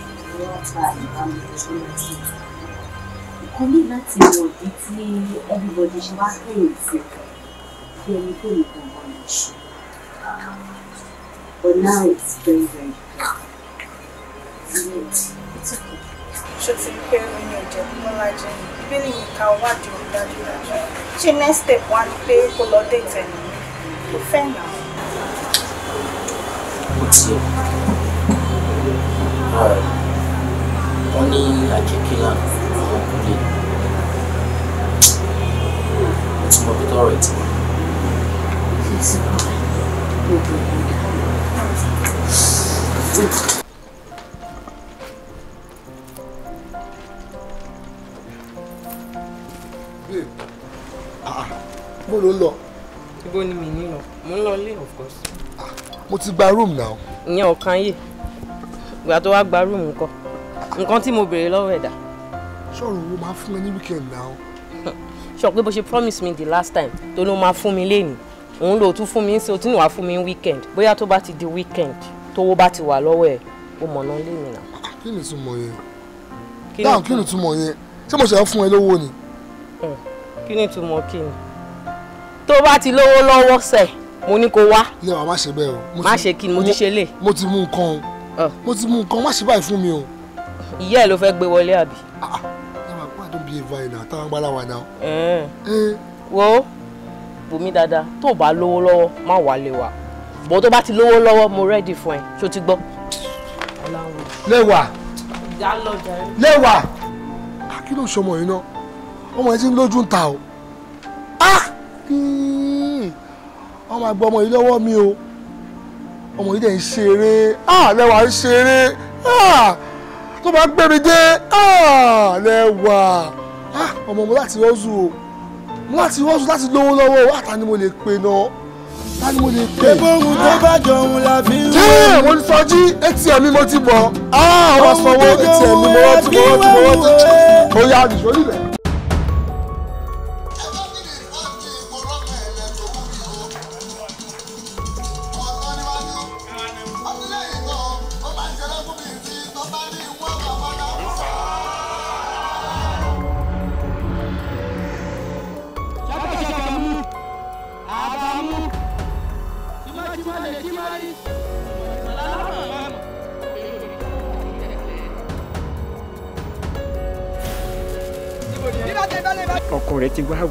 ìwé But now it's very very clear. Ṣé ti rí pé oyin ẹ̀jẹ̀ bí wọ́n lájẹ? Bíbélì mi ka wádìí òun dájúdájú. Ṣé next step wá ni pé kó lọ dé ìtẹ̀lé? Kò fẹ́ nà án. Ó ti yẹ wọ́n ní àjẹkílà àwọn kúlẹ̀ tí mo fi tọrọ ìtì wọn. mo ló ń lọ. ibo ni mi ní lọ mo ń lọ ilé of course. Ah, mo ti gba room now. ìyẹn ọ̀kan yìí ìgbà tó wá gba room nǹkan nǹkan tí mo béèrè lọ́wọ́ ẹ̀dá. sọ̀rọ̀ owó máa fún mi ní weekend náà. sọ pé bó ṣe promise me the last time tó ló máa fún mi lénìí òun ló tún fún mi ṣe o tún wàá fún mi weekend bóyá tó bá ti di weekend tówó bá ti wà lọ́wọ́ ẹ̀ o mọ̀nà lénìí náà. Ah, kí ni ìtumọ̀ yẹn dáhùn kí ni ìtumọ̀ yẹn ṣé mo ṣe é fún ẹ lówó ni. Hmm, kí ni ìtumọ̀ kí ni tó bá ti lówó lọ́wọ́ sẹ̀ mo ní kó wá. ilé wa má ṣe bẹ́ẹ̀ o. má ṣe kí ni mo ti ṣe lè. mo ti mú nǹkan o oh. mo ti mú nǹkan má ṣe báyìí fún mi o ìyá ẹ̀ ló fẹ́ gbé wọlé àbí. ah ah why don't be a vine now táwọn gbára wa now. Eh. wo bùnmi dáadáa tó o bá lówó lọ́wọ́ má wálé wa bó tó bá ti lówó lọ́wọ́ mo rẹ́dì fún ẹ ṣó ti gbọ́. lẹ́wà lẹ́wà ah, kí ló ṣọmọ yìí náà ọmọ yìí ti ń lójú ń ta o ah! hmm. ọmọ àgbà ọmọ yìí lọ́wọ́ mi o ọmọ yìí dẹ̀ ń ṣeré ah, lẹ́wà ń ṣeré tó bá gbé mi dé lẹ́wà ọmọ mo láti rọ́ọ̀zù o mo láti rọ́ọ̀zù láti lówó lọ́wọ́ o àtà ni mo lè pe náà ta ni mo lè pe. ebóhun tó bá jọ la fi ń wọ. jẹ́ mo ní sọjí etí ẹ̀mí mo ti bọ̀ ọ́ àwọn sanwó etí ẹ̀mí mo wọ́n ti ó yá àdìsọ́ nílẹ̀.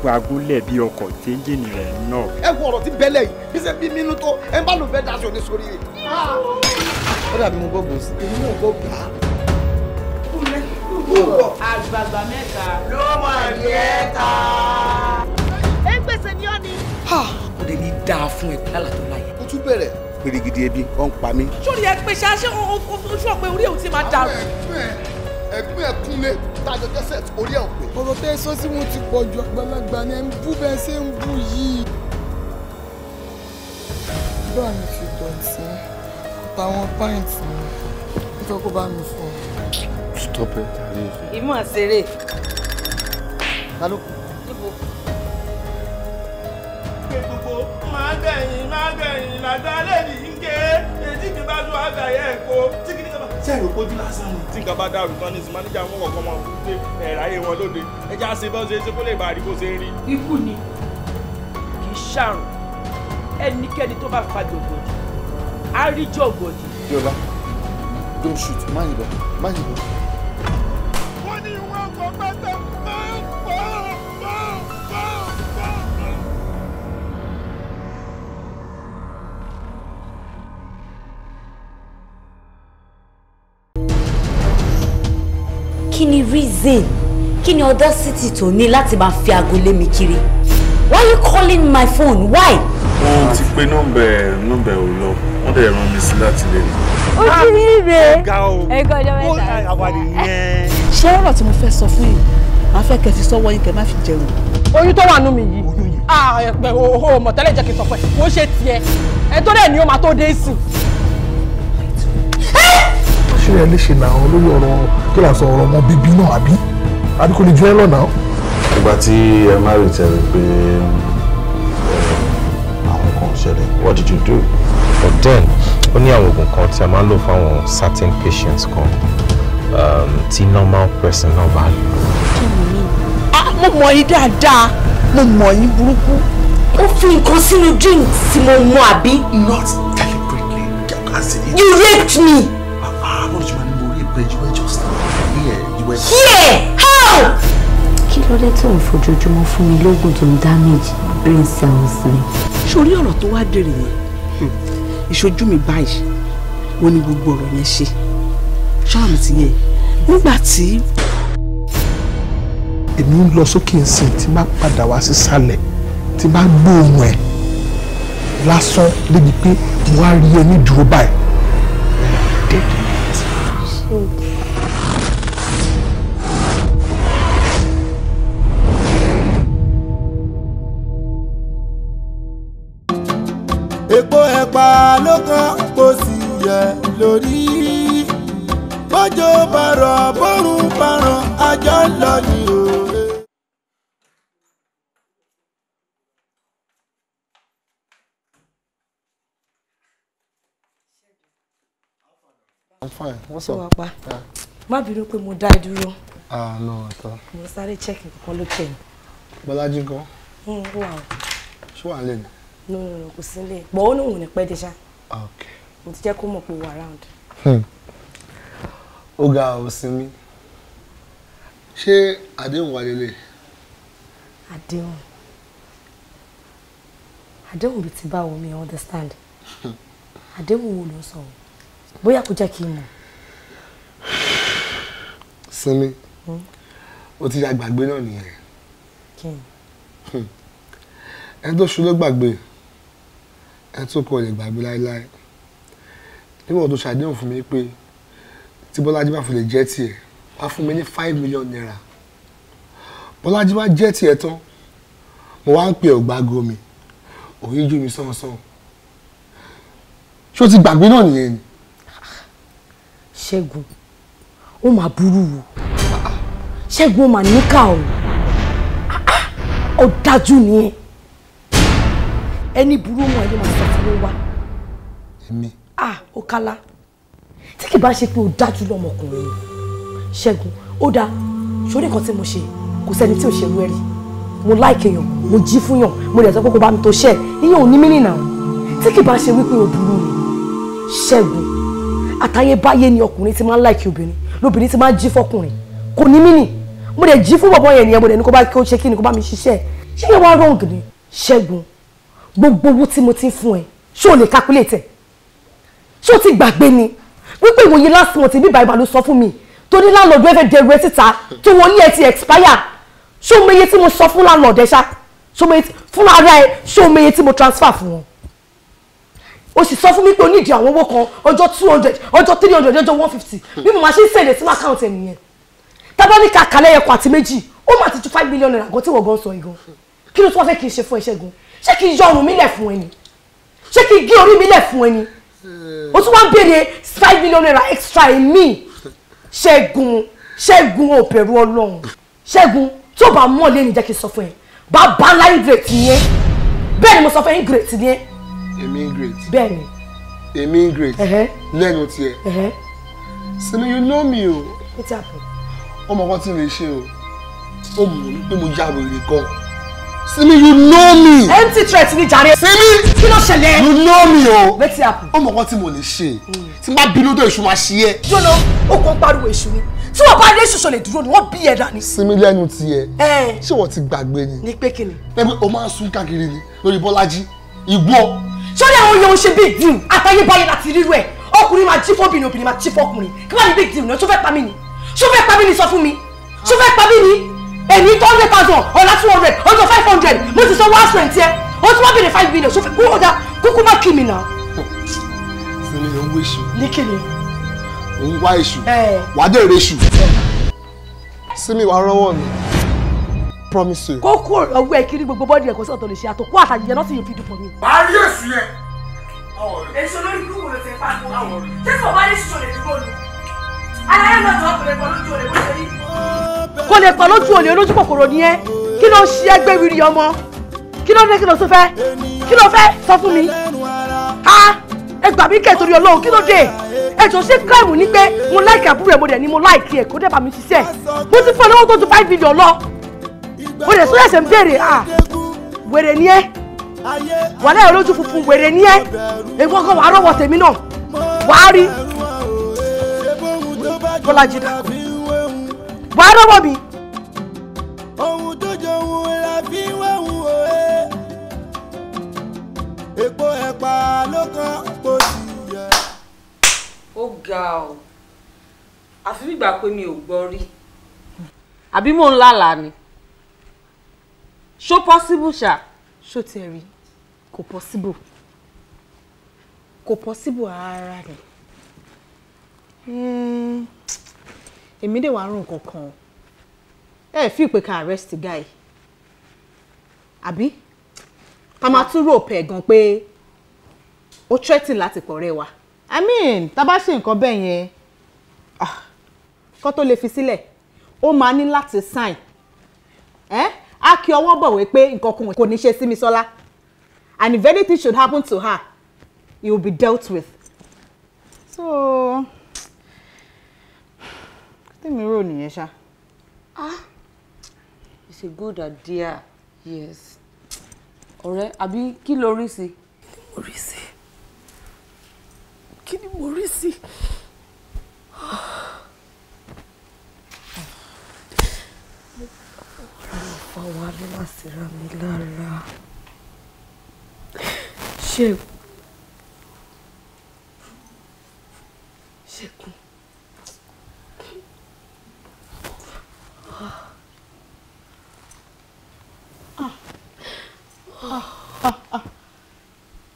gbàgúnlẹ̀ bí ọkọ̀ tí ẹ́ńjìnì rẹ̀ ń ẹ wo ọ̀rọ̀ tí bẹ́lẹ̀ yìí bí ṣe bí mímú tó ẹ bá lò fẹ́ daṣọ ní sórí rẹ̀. ó dàbí mo gbọ́ gbòòsì èmi náà gbọ́ gbà á. àgbààgbà mẹ́ta ló mọ̀ ní ẹ̀ta. ẹ ń gbèsè ní ọ́ni. kò lè ní dáa fún ẹ lálàá tó láyé. ó tún bẹ̀rẹ̀ pèrègidì ẹbí ọ̀ ń pa mí. sórí ẹ pèsè aṣẹ́ òṣùwọ̀n pé orí ẹ̀ ti máa dàrú. ẹ̀gbọ́n kúnlé tájọ jẹ́sẹ̀ orí ẹ̀ ò pé. ọ̀rọ̀ tẹ́ sọ sí wọn ti pọ̀ ju àgbàlagbà ni ẹ̀ ń bú bẹ́ẹ̀ ṣe ń bú yìí. bá mi fi dọ̀tí àtàwọn pàǹtì mi ń fẹ́ kó bá mi fọ. stop it àríyànfẹ́. ìmọ̀ àṣeré. ta ló kù. níbo. gbogbo máa bẹ̀yìn máa bẹ̀yìn làdá lẹ́yìn ń gé ètí mi bá tún àgbà yẹ̀ kó tí k ṣé èrò kojú lásán ni. tí nǹkan bá dàrú tán ní sí mánéjà wọn kọ̀ọ̀kan máa fún pé ẹ̀rá yé wọn lóde ẹjẹ́ àṣẹ bá ṣe ṣe kó lè bá a rí bó ṣe rí. ikú ni kì í ṣàrùn ẹnikẹ́ni tó bá fa jògbòdì á rí jògbòdì. yorùbá don't shoot má yìnbọn má yìnbọn. reason kí ni audacity tó ní láti máa fi aago lé mi kiri why you calling my phone why. wọn ti pe nọmbẹ nọmbẹ ò lọ wọn dẹ̀ rán mi sí láti lè ní. ó jí mi rè é ẹ̀kọ́ ọjọ́ mẹ́ta. ṣé ọ̀rọ̀ tí mo fẹ́ sọ fún yìí máa fẹ́ kẹ́ fi sọ́wọ́ yín kẹ́ má fi jẹun. oyún tó wà nù mí yìí ah ẹ̀pẹ̀ o mọ̀ tẹ́lẹ̀ jẹ́ kí n sọ pé kò ṣe tiẹ̀ ẹ̀ tó dẹ̀ ni ó máa tó dé sùn ṣe ẹ léṣe náà lórí ọ̀rọ̀ kí làásọ ọ̀rọ̀ ọmọ bíbí náà àbí àbí kò lè ju ẹ lọ náà. ìgbà tí ẹ má rí tẹ̀lé pé eh, àwọn kan ṣẹlẹ̀ what did you do? but then ó ní àwọn oògùn kan tí a máa ń lò fáwọn certain patients kan um, tí normal person náà bá lò. kí ni mi? Ah, mo mọ̀ yín dáadáa mo mọ̀ yín burúkú ó fi nǹkan sínú drink tí mo mu àbí. not deliberately. you raped me bed. were just here. You were here. How? Kí ló dé tó ń fojoojúmọ́ fún mi lóògùn tó ń damage brain cells mi. Sórí ọ̀rọ̀ tó wá dèrè yẹn, hmm. ìṣojú mi báyìí, wọ́n ní gbogbo ọ̀rọ̀ yẹn ṣe. Ṣọ́ọ̀mù ti yẹ, nígbà tí. Èmi ń lọ sókè nsìn tí má padà wá sísàlẹ̀ tí bá gbóòórùn ẹ̀ lásán débi pé mo á rí ẹ ní dúró báyìí epo ẹ̀pà ló kàn kó sì yẹ lórí bọ́jọ́ bàrọ̀ bọ́rùn bàrọ̀ àjọ lọ ni o. fine. What's up? Wapa. Yeah. Má bínú mo die duro. Ah, no, at Mo sáré check nǹkan lo kẹ́ mi. Bọ́lájí Hmm. Wow. wà o. Ṣé No, no, no, kò sí lè. Bọ̀ ó ní òun ní pẹ́ de ṣá. Ok. Mo ti jẹ́ kó mọ̀ pé o wà round. Hmm. Ó ga ò sí mi. Ṣé àdéhùn wà lélẹ̀? Àdéhùn. Àdéhùn bíi ti báwo mi understand. [laughs] Àdéhùn wo ló sọ bóyá kò jẹ́ kí n mọ̀. sinmi o ti ya gbàgbé náà nìyẹn hmm. ẹni tó ṣu ló gbàgbé ẹni tó kọ lè gbàgbé láéláé nígbà tó ṣàdéhùn fún mi pé tí bọ́lájí bá fi lè jẹ́ tiẹ̀ wá fún mi ní five million naira bọ́lájí bá jẹ́ tiẹ̀ tán mo wá ń pè ọ̀gbágo mi òyìnjú mi sánsan ṣó ti gbàgbé náà nìyẹn ni ṣẹ́gun ó máa burú o ṣẹ́gun ó máa níkà o ọ̀dájú ni ẹ ẹni burú mọ́ ẹ ló máa ṣàtúnwó wá. ah ó kálá tí kì bá ṣe pé ó dájú lọmọkùnrin ni ṣẹ́gun ó dáa ṣòro nǹkan tí mo ṣe kò sẹ́ni tí ò ṣerú ẹ̀ rí mo láìkè yàn mo jí fún yàn mo lè sọ pé kò bá mi tó ṣẹ́ ìyẹn ò ní mí nìyàn tí kì bá ṣe wípé ó burú ṣẹ́gun àtayébáyé ni ọkùnrin ti máa ń láìkí obìnrin lóbìnrin ti máa ń jí fọkùnrin kò ní mí nì mo dẹ̀ jí fún bọ̀bọ̀ yẹn nìyẹn mo dẹ̀ ní kó bá kí ó ṣe kí ni kó bá mi ṣiṣẹ́ ṣé yẹn wá wrong ni ṣẹ́gun gbogbo owó tí mo ti fún ẹ ṣé o lè calculate ẹ ṣé o ti gbàgbé ni wípé ìwòye last month bí bàbá ló sọ fún mi tó ní láńlọ́ọ̀dù ẹ̀fẹ̀ dẹrù ẹ síta tó wọlé ẹ ti expire ṣé o mọ iye tí mo sọ fún láńlọ́ọ̀dù ẹ ṣá fún ara ẹ ṣé o mọ iye tí mo transfer fún wọn o sì sọ fún mi pé o nídìí àwọn owó kan ọjọ́ two hundred ọjọ́ three hundred ọjọ́ one fifty hmm. bí mo máa ṣe ń sèlè sínú àkáǹtì ẹ̀ nìyẹn tábà ní ká kàlẹ́ ẹ̀kọ́ àti méjì ó máa ti ju five million naira gan tí wọ́n gan sọ yìí gan kí ló tún wá fẹ́ kí n ṣe fún ẹṣẹ́ gan ṣé kí n yọ ọrùn mi lẹ̀ fún ẹni ṣé kí n gé orí mi lẹ̀ fún ẹni hmm. o tún wá ń béèrè five million naira extra èmi ṣẹ́gun ṣẹ́gun ò bẹ̀rù ọlọ́run ṣẹ́gun tó bá mọ̀ lé ní jẹ́ kí n sọ fún ẹ bàbá ńlá ingrate nìyẹn bẹ́ẹ̀ ni mo sọ fún èmi great. bẹ́ẹ̀ni. èmi great. lẹ́nu tiẹ̀. sinmi you know me o. peter apo. ọmọ kan tí mi ṣe o ó mú un pé mo ya wèrè gan. sinmi you know me. empty threat ni jàre. sinmi. kí ló ṣẹlẹ̀. you know me o. peter apo. ọmọ kan tí mo lè ṣe mm. tí n bá bínú tó èṣù máa ṣe é. jóná ó kàn pariwo èṣù ni tí wọn bá rí ṣoṣo lè dúró ni wọn bí ẹ̀dá ni. sinmi lẹ́nu tiẹ̀ ṣé wọ́n ti gbàgbé ni. ní pé kí ni. pé o máa ń sún káàkiri ni lórí bọ́lájí ìgbọ́ sórí àwọn yẹn ò ṣe big deal àtayébáyé láti rírú ẹ ọkùnrin máa jí fóbìnrin obìnrin máa jí fọkùnrin kí wàá ní big deal náà ṣó fẹ́ pa mí ni ṣó fẹ́ pa mí ni sọ fún mi ṣó fẹ́ pa mí ni èmi two hundred thousand ọ̀la two hundred ọjọ́ five hundred mo ti sọ one hundred tiẹ̀ o tún wá bèrè five billion? ṣó fẹ́ kú ọ̀dà kúkú má kí mi náà. sinmi ló ń wé iṣu. ní kíni. òun wá iṣu. wàá dé iṣu. sinmi wàá rọwọ́ promise you. kó kúrò lọ́wọ́ ẹ kiri gbogbo bọ́ọ̀dì ẹ̀kọ́ sí ọ̀tọ̀ lè ṣe àtòkú àtàyè yẹn nothing you fit do for me. wà á rí èsù yẹn. èso lórí kúrò ló ti pa àpò àwọ̀ rẹ̀ jésù ọba lè ṣiṣọ́ lè dúró ni. aláyé lọ sọ kò lè pọ̀ lójú òde bó ṣe rí. kò lè pọ̀ lójú òde olójú kòkòrò ni ẹ kí ló ń ṣe ẹgbẹ́ rírì ọmọ kí ló dé kí ló tún fẹ́ kí ló fẹ́ sọ fún mi. ha ẹ gbà mí kẹ́ torí Ọlọ́run kí ló dé ẹjọ ṣe crime ní pé mo like àbúrò ẹ mo dẹ̀ ni mo like ẹ kó dẹ̀ bá mi ṣiṣẹ́ mo ti fún ẹ lọ́wọ́ tó ju five million lọ o lè sọ́yà ṣe ń béèrè à wèrè ni ẹ́ wàlẹ́ olójú funfun wèrè ni ẹ́ èmi kọ́kọ́ wàá rọ́wọ́ tèmi náà wàá rí bọ́lájí dà wàá rọ́wọ́ mi. ohun tó jẹ ohun la fi wéhun òye èpo ẹ̀pà ló kan kò sí yẹ. ó ga ọ àfi bí ìgbà pé mi ò gbọ́ rí. àbí mò ń lálàá ni ṣó possible ṣá ṣó tiẹ̀ rí kò possible kò possible rárá ni hmm. èmi dè wá rún kankan ẹ fi ìpè ká arrest guy àbí ká máa tún rope, pẹ̀ gan pé ó threaten láti pọ̀ wa i mean tá a bá ṣe nǹkan bẹ́ẹ̀ yẹn ah, kó tó lè fi sílẹ̀ ó máa ní láti sign. Eh? á kí ọwọ́ bọ̀wé pé nǹkan kan kò ní ṣe sí mi sọ́lá and if anything should happen to her it will be dealt with. so tèmi rò nìyẹn ṣá. ah it's a good idea yes ọ̀rẹ́ àbí kí lo rí sí. kí ni rí sí kí ni rí sí. fa wàhálà síra mi lára ṣẹ́gun ṣẹ́gun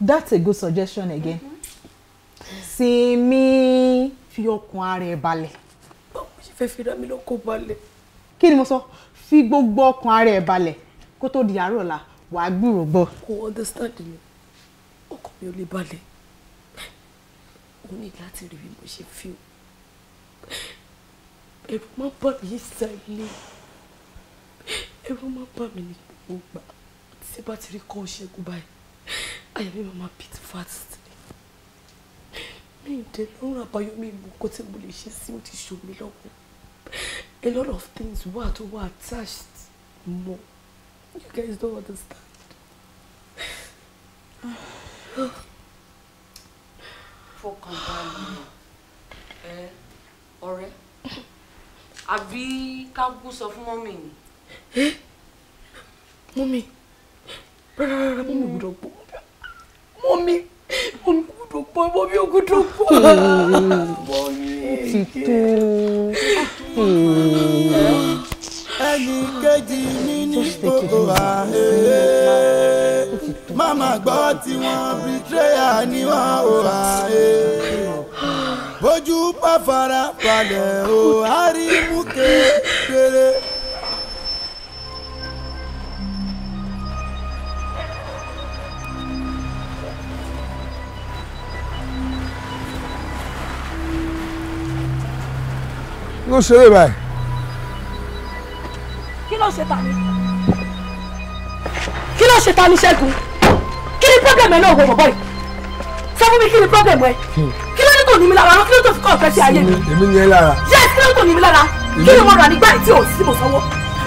that's a good suggestion again mm-hmm. sinmi fi ọkàn ara ẹ balẹ̀. báwo ṣe fẹ́ fi ra mi lọ́kàn balẹ̀. kí ni mo sọ fi gbogbo ọkàn ara ẹ̀ balẹ̀ kó tó di àárọ̀ la wàá gbúrò gbọ́. kò understand mi ọkàn mi ò lè balẹ̀ mo ní láti rí bí mo ṣe fi o ẹ̀rù máa ń bà mí ìsà ilé ẹ̀rù máa ń bà mí ní gbogbo gbà tí bá ti rí kọ́ ṣẹ́gun báyìí àyà mi máa beat fast mi ì dẹ̀ lọ́rùn àbáyọ mi mú kó tí mo lè ṣe sí ó ti ṣòmí lọ́wọ́ a lot of things wà tó wà attached mọ́ you guys don't understand. fọkàn balẹ̀ ẹ ọ̀rẹ́ àbí kákú sọ fún mọ́mì ni. Eh? mọ́mì rárá Odùpọ̀ mọ́ mi Ògúndùpọ̀. Mọ́ mi èké. Ẹni kejì mi ní gbogbo àhẹ́. Màmá gbọ́ tí wọ́n bìtírẹ́yà ni wọ́n ò àhẹ́. Bójú bá fara balẹ̀ o, a rí mú kékeré. ló ṣe lè báyìí. kí ló ṣe ta ni kí ló ṣe ta ni ṣẹ́gun kí ni problem ẹ náà wọ bọ̀bọ̀ yìí sọ fún mi kí ni problem ẹ kí ló ní kò ní mi lára kí ló tó fi kọ́ ọ̀fẹ́ sí ayé mi. èmi ni ẹ lára. yes kí ló tó ní mi lára kí ni mo rà nígbà tí ò sí mo sanwó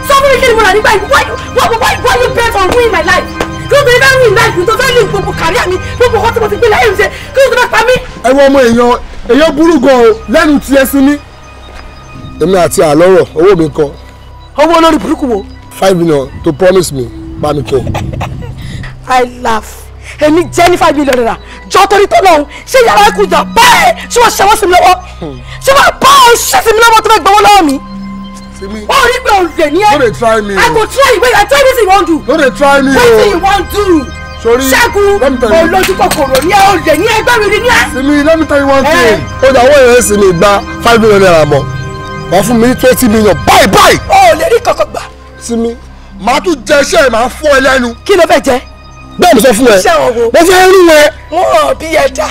sọ fún mi kí ni mo rà nígbà yìí why you why you why you bet on ruin my life kí ló tó ní bá ruin life mi tó fẹ́ lè gbogbo kàrí àmì gbogbo ọkọ tí mo ti gbé láyé mi ṣe kí ló tó bá pa mí. ẹ wọ ọmọ èèyàn èèyàn burú gan o lẹ́nu tiẹ̀ sí mi èmi àti àlọ́rọ̀ owó mi kọ. owó olórí burúkú wo. five million to promise me bá mi kọ. i laugh èmi jẹ́ ní five million naira jọ torí tó lọ́hùn ṣé yàrá ẹ̀kú jà bẹ́ẹ̀ ṣé wọ́n ṣẹ́wọ́ sí mi lọ́wọ́ hmm. ṣé wọ́n bá ọ ṣẹ́ sí mi lọ́wọ́ tó fẹ́ gbọ́wọ́ lọ́wọ́ mi. wọ́n rí pé òun lè ní ẹ́ no dey try me o i go try you wait i tell you wetin you wan do. no dey try me o oh. wetin you wan do. sori ṣẹ́gun olójú ní ẹ o lè ní ẹgbẹ́ mi ní ẹ. simi let me tell you one eh. thing. ó jà owó yẹn sì ní gba five million naira mọ́ máa fún mi ní twenty million báyìí báyìí. o ò lè rí kankan gbà. sinmi. màá tún jẹ iṣẹ́ ẹ̀ máa fọ́ ẹ lẹ́nu. kí ló fẹ́ jẹ. bẹ́ẹ̀ mo sọ fún ẹ mo fẹ́ rí ẹ. wọn ò bí ẹ dá.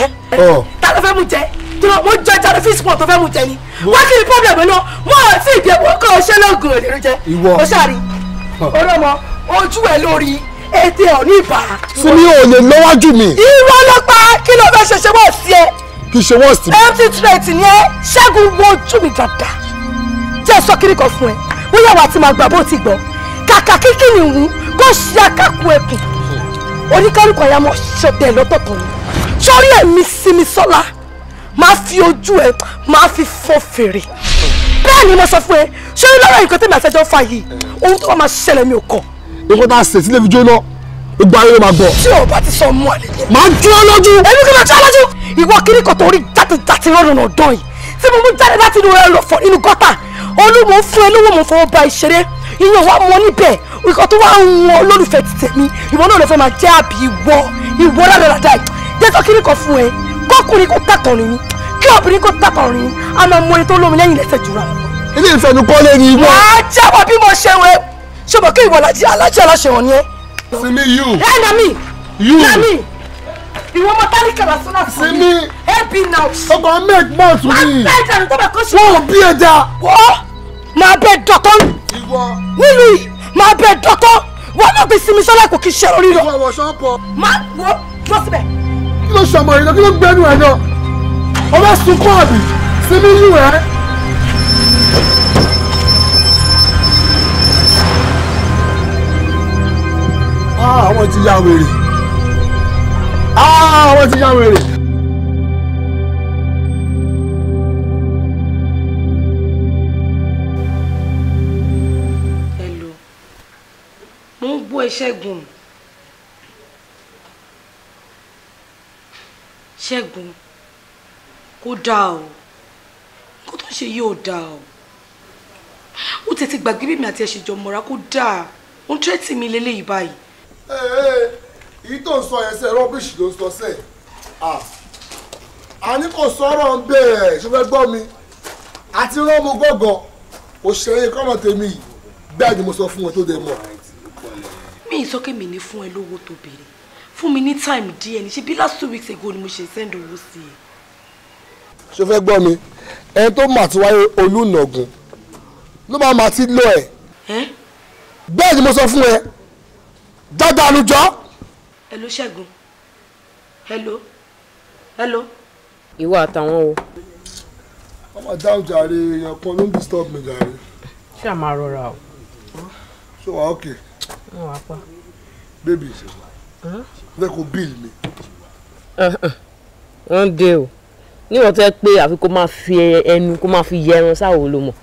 ta ló fẹ́ mu jẹ tí wọ́n jẹ́ jáde fíìsì pọ̀ tó fẹ́ mu jẹ ni wọ́n kì í pọ́blẹ̀mù náà wọ́n ò tí ì dé wọ́n kọ́ ṣẹ́ lóògùn òdìrí jẹ. ìwọ o ṣàrí orí ọmọ ojú ẹ lórí ètè ọ̀ ní ìbà. sinmi ò lè lọ́wájú mi. ìwọ ló pa kí ló fẹ́ ṣe ṣe wọ́ọ̀sì ẹ. kì ṣe wọ́ọ̀sì mi. empty threat ni ẹ ṣẹ́gun wo ojú mi dáadáa jẹ́ sọ kiri fún ẹ bóyá wàá ti máa gbà bó ti gbọ́ kàkà kíkì nìhun kó ṣe akákùn ẹkùn oníkálukú àyàmọ̀ ṣọ̀tẹ̀ lọ́tọ̀ọ̀tọ̀ sórí ẹ̀mí sinmi sọ́la máa fi ojú ẹ máa fi fọ́ fèrè bẹ́ẹ̀ ni mo sọ fún ẹ sórí lọ́rọ̀ nǹkan tẹ̀mí àtẹ́jọ́ fà yìí ohun tó wà máa ṣẹlẹ̀ mi ò kọ̀. nǹkan tá a ṣe sílẹ̀ fi jóná gbogbo ayé máa gbọ́. tí o bá ti sọ mọ́ àlejò. máa jó ọ lójú. èmi kò máa jó ọ lójú. ìwọ kiri kò tó jáde jáde rọrùn ọ̀dọ́ yìí tí mo mú jáde láti inú ẹ lọ fọ inú gọ́tà olúwo fún ẹ lówó mo fọwọ́ ba ìṣeré ìyẹn wa mọ níbẹ̀ ìkọ́ tó wà ń wọn olólùfẹ́ ti tẹ̀mí ìwọ náà lọ fẹ́ máa jẹ́ àbí ìwọ ìwọ ládàládà jẹ́ sọ kíní kan fún ẹ kọ́kùnrin kó tàkànrin ni kí obìnrin kó tàkànrin ni a máa mọ ẹni tó lómi lẹ́yìn lẹ́sẹ̀ jùlọ. ilé ìfẹnu kọ́lé ni ìwọ. máa jábọ̀ bí mo ṣe wẹ̀ ṣùgbọ́n kí ìwọ alájẹ́ aláṣẹ wọn ni ẹ. sinmi yóò. ẹ nà mí. yóò nà mí ìwọ ọmọ tálíkà lásán náà fún mi help me now. ọgbà mẹ́ẹ̀k mọ́ọ̀ tún ní. máa bẹ́ẹ̀ dànù tó bẹ̀ kó sí. wọn ò bí ẹja. wọ́n máa bẹ́ẹ̀ dọ̀tọ́ nílùú yìí máa bẹ́ẹ̀ dọ̀tọ́ wọ́n náà gbèsè mi sọ́lá kò kì í ṣe orí rẹ̀. ìwọ ọ̀ṣọ́ pọ̀. máa wọ lọ síbẹ̀. kí ló ṣọmọ yìí lọ kí ló gbẹnu ẹ náà ọbẹ̀ sunkún àbí sinmi yìí rẹ̀. Ah, àwọn ti ya wèrè àwọn ti yá wèrè. hello mo ń gbọ́ ṣẹ́gun ṣẹ́gun kó dáa o nǹkan tó ṣe yóò dáa o ó tètè gbàgbé bí mi àti ẹ̀ ṣe jọ mọ̀ra kó dáa ó ń tẹ́tì mi lélẹ́yìí báyìí èyí tó ń sọ yẹn sẹ́ rọ́bìṣì ló ń sọ sẹ́ àní kò sọ̀rọ̀ ń bẹ̀rẹ̀ ṣe fẹ́ gbọ́ mi àti rọ́ọ̀mù gọ́gọ́ òṣèré kọ́nà tèmi yìí bẹ́ẹ̀ ni mo sọ fún wọn tó dé mọ́. mi ì sọ mi ní fún ẹ lówó tó béèrè fún mi ní time díẹ̀ ní ṣe bí last two weeks ago ni mo ṣe send owó sí i. ṣe fẹ́ gbọ́ mi ẹni tó mà ti wáyé olùnàgùn ló máa mà ti lọ ẹ̀. bẹ́ẹ̀ ni mo sọ fún ẹ dáadáa lójọ́ hello ṣẹ́gun hello hello. ìwọ àtàwọn o. ọmọ dáhùn jàre ẹ̀kọ́ ló ń disturb mi jàre. ṣé a máa rọra o. ṣé wàá òkè. wọn wàá pa. bébì fẹ́ kó bíìlì mi. wọ́n dé o níwọ̀n tó yẹ pé àfi kó máa fi ẹnu kó máa fi yẹ ẹran sáwò ló mọ̀.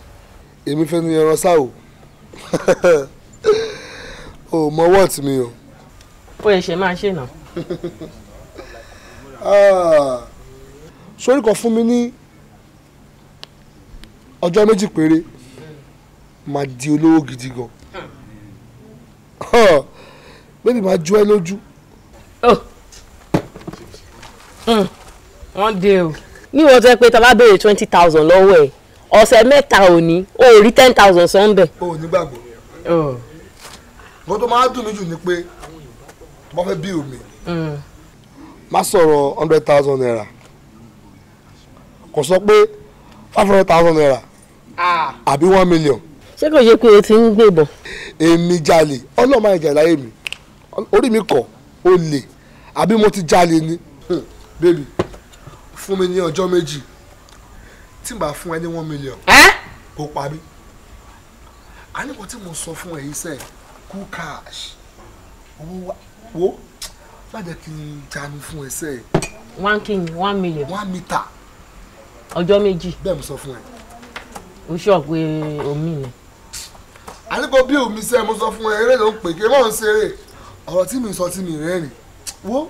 èmi fẹ́ nu ẹran sáwò [laughs] o mọ wọ́ọ̀tì mi o ó yẹ ṣe máa ṣe nà. [laughs] Ah, sórí kan fún mi ní ọjọ́ méjì péré máa di olówó gidi gan bébì máa jó ẹ lójú. Oh. Hmm, wọ́n dé o. ní wọ́n tẹ́ pé tá a bá béèrè twenty thousand lọ́wọ́ ẹ̀ ọ̀sẹ̀ mẹ́ta òní o ò rí ten thousand sọ́ńbẹ̀. o ò ní gbàgbọ́. Oh. nǹkan tó máa dùn mí jù ni pé wọ́n fẹ́ bíl mi mm. má sọ̀rọ̀ hundred thousand naira kò sọ pé five hundred thousand naira ah. àbí one million. ṣé kò yẹ pé o ti ń gbébọn. èmi jalè ọlọ́mọ ìjà láyé mi orí mi kọ̀ ó lè àbí mo ti jalè ni hmm, bébì fún mi ní ọjọ́ méjì tí n bá fún ẹ ní one million kó pa mí a ní kò tí mo sọ fún ẹ yìí sẹ́ẹ̀ cool cash owó wa wo má kí n jánu fún ẹsẹ̀. one king one million. one meter. ọjọ́ méjì. bẹ́ẹ̀ mo sọ fún ẹ. o sọ pé omi ni. àníkò bí omi sẹ́ mo sọ fún ẹ eré ló ń pè kí ẹ má ń ṣeré ọ̀rọ̀ tí mi sọ tí mi rẹ́rìn-ín wo.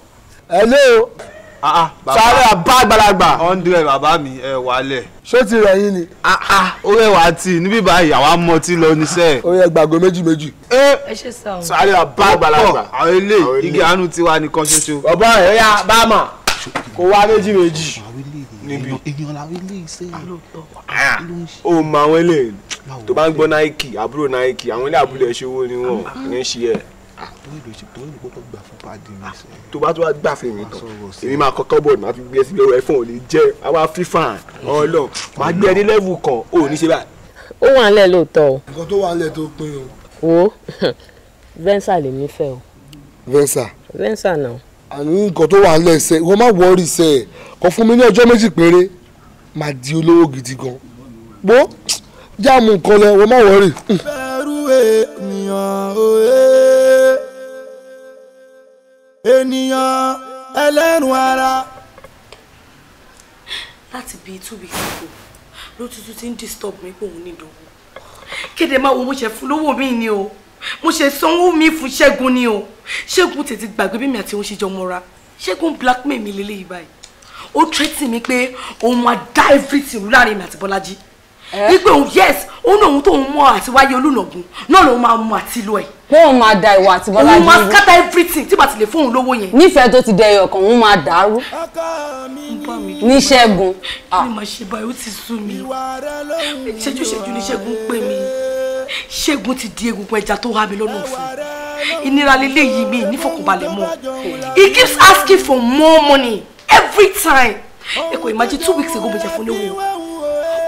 hello. Ah, ah, sáré àbá àgbàlagbà. hundred bàbá mi ẹ wálẹ̀. ṣé ti rẹ̀ yín ni. Ah, ó rẹwà tí níbí báyìí àwa mọ tí lọ níṣẹ́. ó yẹ gbàgbọ́ méjì méjì. ẹ ṣe sọ. sáré àbá àgbàlagbà. àwọn ilé igi àánú tiwa nìkan ṣoṣo. bàbá ẹ̀ yá bá a mọ̀ kó wá méjì méjì níbi. èèyàn làwọn ilé iṣẹ́ yìí. o mọ àwọn ilé tó bá ń gbọ́ Nike àbúrò Nike àwọn ilé àbúrò ẹ̀ ṣòwò ni wọ́n ní àtúnyìn ló ṣe tóyìn gbọ́dọ̀ gbà fún pàdé mi. tó bá tó bá gbà fún èmi tán èmi máa kọ́kọ́ bọ̀ máa fi gbé ẹsẹ̀ lọ́wọ́ ẹ̀fọn ò ní jẹ́ àwa fífà ọlọ máa gbé ẹni level kan ò ní ṣe báyìí. ó wà nílẹ̀ lóòótọ́ o. nǹkan tó wà nílẹ̀ tó pin o. wo venza lèmi fẹ́ o. venza. venza náà. àní nǹkan tó wà nílẹ̀ sẹ́ wọ́n má wọ́ọ̀rì sẹ́ ẹ̀ kọ́ fún mi ní ọjọ́ méjì péré máa di olówó gidi gan. bó jáàmù nǹkan lẹ wọ́n má wọ́ọ̀rì. bẹ́ẹ̀rù ènìyàn òye ènìyàn ẹlẹ́nu ara. láti bíi two weeks ago ló tuntun ti ń disturb mi pé òun nídòwó kéde máa wo mo ṣe fún lówó mi ni o mo ṣe sanwó mi fún ṣẹ́gun ni o ṣẹ́gun tètè gbàgbé bí mi àti òun ṣe jọ mọ́ra ṣẹ́gun blackmail mi lélẹ́yìí báyìí ó tẹ́tì mi pé òun máa dá everything láàrin mi àti bọ́lájí. Eh? wípé òun oh, yes òun náà òun tó ń mọ àti wáyé olùnàgún náà lòun máa mú àti lọ ẹ. wọn ò máa da ìwà àti bọ́lá jù. òun máa scatter everything tí bàtì lè fún òun lówó yẹn. nífẹ̀ẹ́ tó ti dẹyọ kan òun máa dàrú. ní ṣẹ́gun. mi máa ah. ṣe báyìí ó ti sú mi ṣẹ́júṣẹ́jú ní ṣẹ́gun pè mí ṣẹ́gun ti di egungun ẹja tó há mi lọ́nà òfin ìnira lélẹ̀ yìí mi nífọ̀kànbalẹ̀ mọ́ he keeps asking for more money every time ẹ kò imagine two weeks ago mo jẹ fún léwu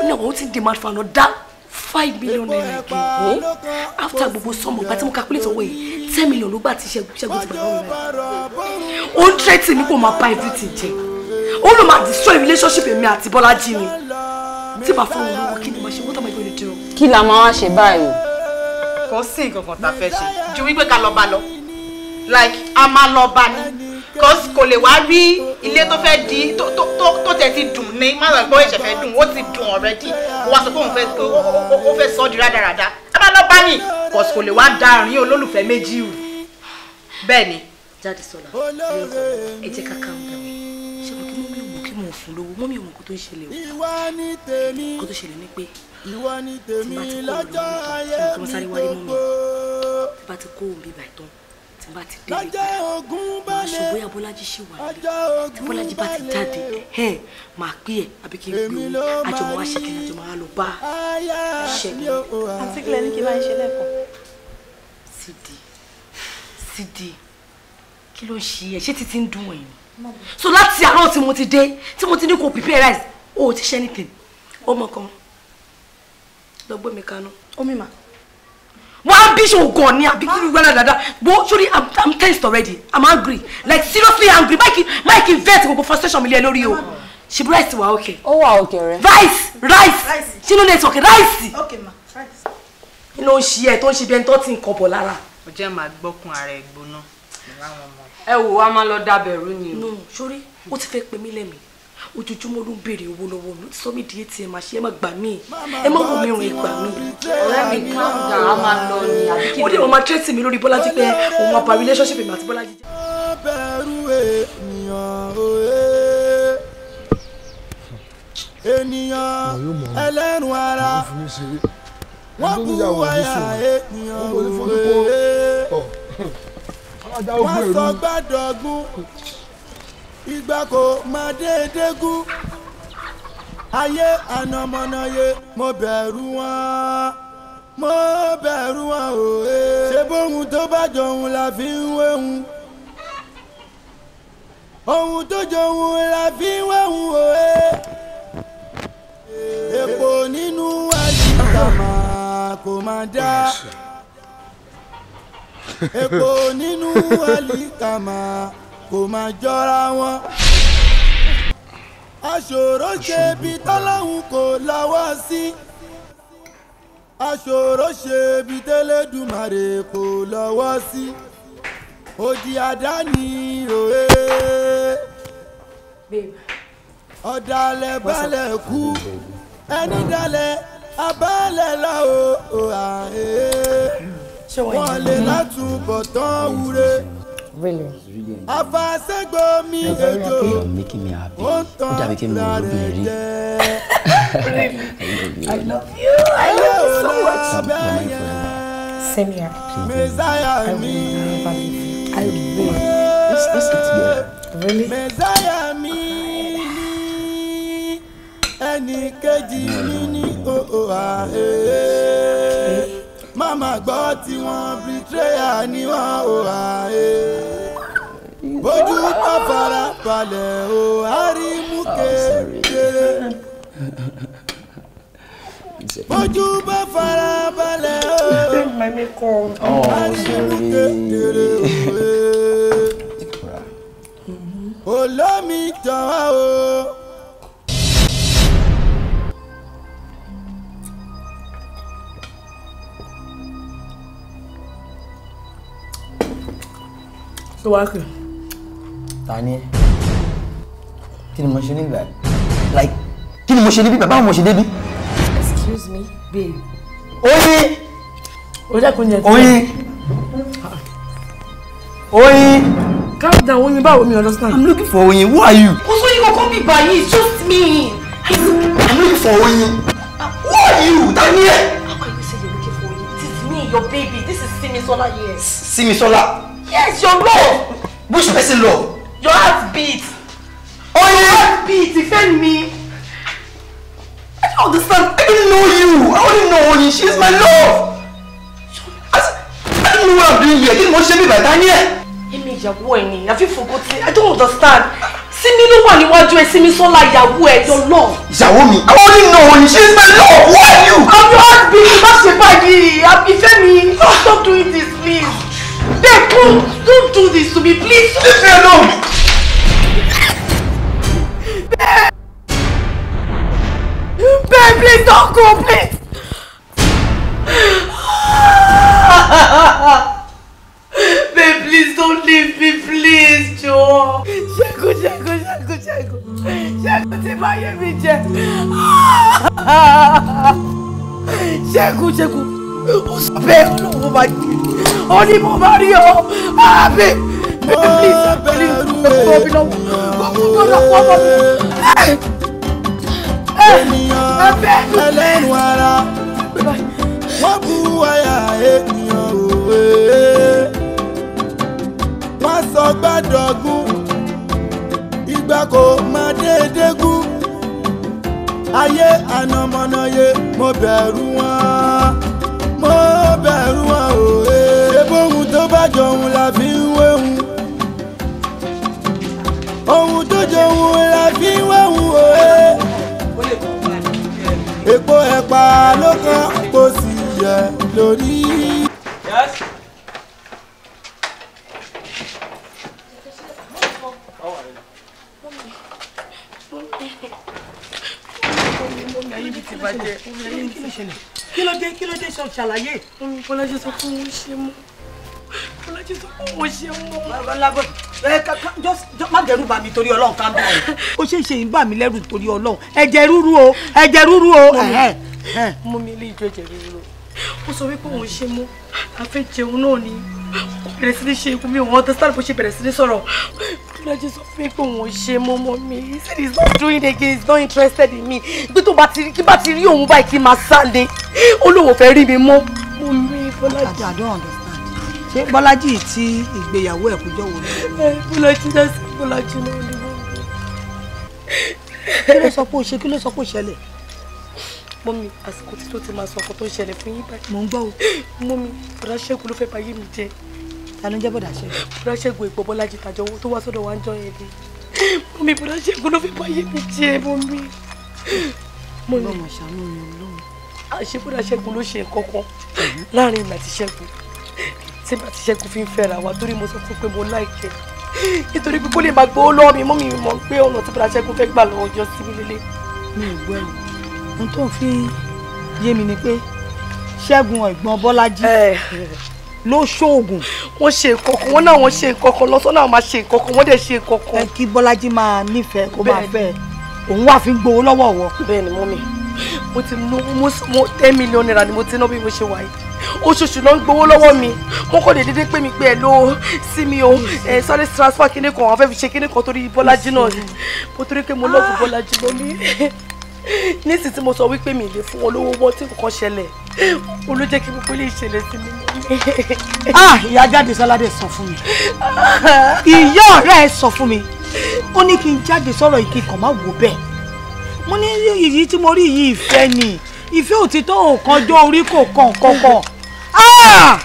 ó ní àwọn ó ti demand for another five million naira again o after gbogbo sọmọ gba tí mo calculate owó yìí ten million ló gbà tí ṣẹ́gun ti gbà lọ́wọ́ rẹ̀ ó ń tẹ́tì ní kò máa bá everything jẹ ó ló máa destroy relationship èmi àti Bọ́lájí ni tí màá fọwọ́ lọ́wọ́ kí ni màá ṣe what am I going to do. kí la máa wá ṣe báyìí. kò sí nǹkan kan tá a fẹ́ ṣe ju wípé ká lọ bá lọ like a máa lọ bá ní cause kò lè wá rí ilé tó fẹ́ di tó tẹ̀ ti dùn ní má lọ gbọ́ ìṣẹ̀fẹ́ dùn ó ti dùn already kó wá sọ pé òun fẹ́ sọ ọ́ di rádaràda ẹ bá lọ bá ní cause kò lè wá da àárín olólùfẹ́ méjì rù bẹ́ẹ̀ ni. jáde sọlá ẹ jẹ ká calm down ṣe mo kí mọ́mí òun kí mo fún lówó mọ́mí òun kó tó ń ṣẹlẹ̀ òun kó tó ṣẹlẹ̀ ní pé tí bá ti kó òun lọ́wọ́ tán tí mo sáré wáyé mọ́mí tí bá ti kó òun bíbà tán tí bá ti dé ìgbà sọ bóyá bọ́lájí ṣì wà nílé tí bọ́lájí bá ti jáde ẹ máa pè ẹ àbí kí n pè ó àjọmọ wá ṣe kìnìún àjọmọ wá lọ bá ṣẹlẹ̀. àǹtí kílẹ̀ ní kí n máa ń ṣe lẹ́kọ̀ọ́. sídi sídi kí ló ń ṣe ẹ ṣé títí ń dùn ẹ̀yìn so láti àárọ̀ tí mo ti dé tí mo ti ní kò prepare rice o ò ti ṣe anything ó mọ̀ kan lọ gbé mi kaná. ó mi mà wàá bí ṣe ògàn ni àbí kí rárá dáadáa wo sori i'm tensed already i'm angry like seriously angry máìkì máìkì vet gbogbo frustration mi lé lórí o ṣebí rice wa okay. ó wà okay rẹ. rice rice She ṣínú okay, rice. okay ma rice. You know she ẹ tó she ṣe bí ẹni tó ti ń kọbọ lára. ó jẹ́ màá gbọ́kun ara ẹ̀ gbóná. ẹ wò wá máa lọ dábẹ̀rú ni o. no sori ó ti fẹ́ pè mí lẹ́mìí ojoojúmọ́ ló ń béèrè owó lọ́wọ́ mi sọ mí di atm àṣẹ ẹ má gbà mí ẹ má wò mí rìn gbà mí. ọ̀rẹ́ mi calm down a máa lọ ní àbíkí. ó dé wọn máa tẹ́sí mi lórí Bọ́lájí pé òun máa pa relationship mi àti Bọ́lájí. ọbẹ̀rù ènìyàn ẹlẹ́nu ara wọ́n kú wáyà ènìyàn òye wọ́n [laughs] sọ gbàdọ̀gún ìgbà kò máa déédéé gún ayé ànàmọ́nàyé mo bẹ̀rù wọn mo bẹ̀rù wọn o ẹ. E. ṣé bóun tó bá jọun la fi ń wéhun ohun tó jọun la fi ń wéhun o ẹ. E. èpo nínú àjùkàmà kò máa dá èpo nínú àlìkàmà kò máa jọra wọn. aṣòro ṣe bí tọ́láhùn kò lawọ́ sí. aṣòro ṣe bí tẹ́lẹ̀dùmarè kò lọ́wọ́ sí. òdì àdá ni òye. ọ̀dàlẹ̀ balẹ̀ kú ẹni dalẹ̀ abálẹ̀ la o àhẹ́ wọ́n lè látúbọ̀ tán wúre. Really? afasẹ́gbọ̀mí ètò ó tán lára rẹ̀. [laughs] I love you. I love you so much. Same here. Messiah mi. I will. Let's let's get together. Really? Messiah mi ẹnì kejì mi ní òhò àhẹ́. Màmá gbọ́ tí wọ́n ni wọ́n òhà ẹ̀. ojú tó fara balẹ̀ o àrímú kékeré. ojú bá fara balẹ̀ o àrímú kékeré olómi tàn o. Estou aqui. ta ni ẹ kí ni mo ṣe nígbà like kí ni mo ṣe débi bàbá mo ṣe débi. excuse me babe. oyin. ojakun jẹ ti. oyin. oyin. calm down oyin báwo mi understand. i'm looking for oyin who are you. kò sọ yìí kò kọ́ mi bàyí it's just me. i'm looking for oyin. who are you ta how can you say you're looking for oyin this is me your baby this is Simisola here. Simisola. yes your love which person love your heart beat oh your heart beat Defend me. I don't understand I don't know you I only know Oyin She's my love I, don't know what I'm doing here Didn't ni mo ṣe bí bàtà ni ẹ. èmi ìyàwó ẹ ni àfi I don't understand See me sinmi you want níwájú ẹ sinmi sọlá ìyàwó ẹ your love. ìyàwó mi I only know Oyin She's my love who are you. I'm your heart beat má ṣe báyìí defend me. stop doing this please beg, don't, do this to me, please. Leave me alone. Beg. Beg, please don't go, please. Babe, please don't leave me, please, Joe. Jago, jago, jago, jago, jago. ti bá yé Jago, jago. Ṣẹ́gun, mo sọ bẹ́ẹ̀ ọlọ́run mo máa jẹ ọ ní mo máa rí ọ àbí bẹ́ẹ̀ ní ìsàkọ́lé ìgbẹ́ fún ọbí lọ́wọ́ kó kó lọ fún ọmọ mi. ènìyàn ẹlẹ́nu ara wọ́n bu àyà ènìyàn òwe wọ́n sọ gbàdọ̀gún ìgbà kò má déédéé gún ayé ànàmọ́nà yé mo bẹ̀rù wọn mo bẹ̀rù wọn o èèbó ohun tó bá jọ òun la fi ń wéhun ohun tó jọ òun la fi ń wéhun o èpo ẹ̀pà ló kàn kó sì yẹ lórí. Yes. ẹyin kí ló dé kí ló dé ṣàlàyé. bọ́lájí sọ fún wọn ṣe mọ́ bọ́lájí sọ fún wọn ṣe mọ́. bọ́lájí ẹ ká má dẹ́rù bà mí torí ọlọ́run ká bẹ̀rẹ̀. ó ṣe é ṣe ń bà mí lẹ́rù torí ọlọ́run ẹ̀jẹ̀ rúru o ẹ̀jẹ̀ rúru o. mú mi ilé ìjọ ẹ̀jẹ̀ rúru ó sọ wípé òun ṣe mọ́ àfẹ́ jẹun náà ni bẹ̀rẹ̀ sí ní ṣe ikú mi òun ọ̀tẹ́sítàlù bó ṣe bẹ̀rẹ̀ sí ní sọ̀rọ̀ Bọ́lájí sọ fún mi pé òun ò He said he's not doing it again, he's not interested in me. Gbé tó bá ti rí kí bá ti rí òun báyìí kí máa sáde. Olówó fẹ́ rí mi mọ́. Mo rí I don't understand. Ṣé Bọ́lájí ti ìgbéyàwó ẹ̀ kújọ́ wo ló ń bọ̀? Bọ́lájí náà sí Bọ́lájí náà ni wọ́n ń bọ̀. Kí ló sọ pé ó ṣe? Kí ló sọ pé ó ṣẹlẹ̀? mọ́mi àsìkò tí tó ti máa sọ ọkọ tó ń ṣẹlẹ̀ fún yín báyìí. mò ń ta ló ń jẹ́ bọ̀dá ṣẹ́gun. bọ̀dá ṣẹ́gun èpò bọ́lájì tàjọ owó tó wá sọ́dọ̀ wa ń jọ yẹn ni mọ̀mí bọ̀dá ṣẹ́gun ló fi báyé mi jẹ́ mọ̀mí. mo ní ọmọ ṣàánú mi lóhùn. àṣé bọ̀dá ṣẹ́gun ló ṣe kọ́kọ́ láàrin ìgbà tí ṣẹ́gun tí ìgbà tí ṣẹ́gun fi ń fẹ́ra wa torí mo sọ fún pé mo láìkẹ́ nítorí pé kó lè máa gbowó lọ́wọ́ mi mọ́ mi mọ̀ pé ọ̀nà tí bọ̀dá ṣẹ́gun fẹ́ gbà lọ́wọ́ jọ sí mi lélẹ̀. mi ò gbọ́ ló ṣoògùn. wọ́n ṣe nǹkankan wọ́n náà wọ́n ṣe nǹkankan lọ́sọ́ náà máa ṣe nǹkankan wọ́n dẹ̀ ṣe nǹkankan. ẹ kí bọ́lájí máa nífẹ̀ẹ́ kó máa fẹ́ ẹ òun wà fi ń gbowó lọ́wọ́ wọ. bẹ́ẹ̀ni mummy mo ti mú mo ten million naira ni mo ti ná bí mo ṣe wà yìí oṣooṣù ló ń gbowó lọ́wọ́ mi wọ́n kò lè dédé pé mi pé ẹ ló sí mi o ẹ sọ́ọ́lẹ̀ transfer kíní kan àwọn fẹ́ fi ṣe kíní kan torí bọ́lájí náà ni mo torí pé mo lọ́ọ̀bù bọ́lájí lónìí. [laughs] nísì tí mo sọ wípé mi lè fún wọn lówó wọ́n tí kò kọ́ ṣẹlẹ̀ olú jẹ́ kí gbogbo lè ṣẹlẹ̀ sí mi. [laughs] ah ìyá jáde sọládé sọ fún mi ìyá ọ̀rẹ́ ẹ sọ fún mi ó ní kí n jáde sọ̀rọ̀ yìí kí n kàn má wò bẹ́ẹ̀ mo ní èyí tí mo rí yìí ìfẹ́ ni ìfẹ́ òtítọ́ òkanjọ́ orí kò kàn kankan ah!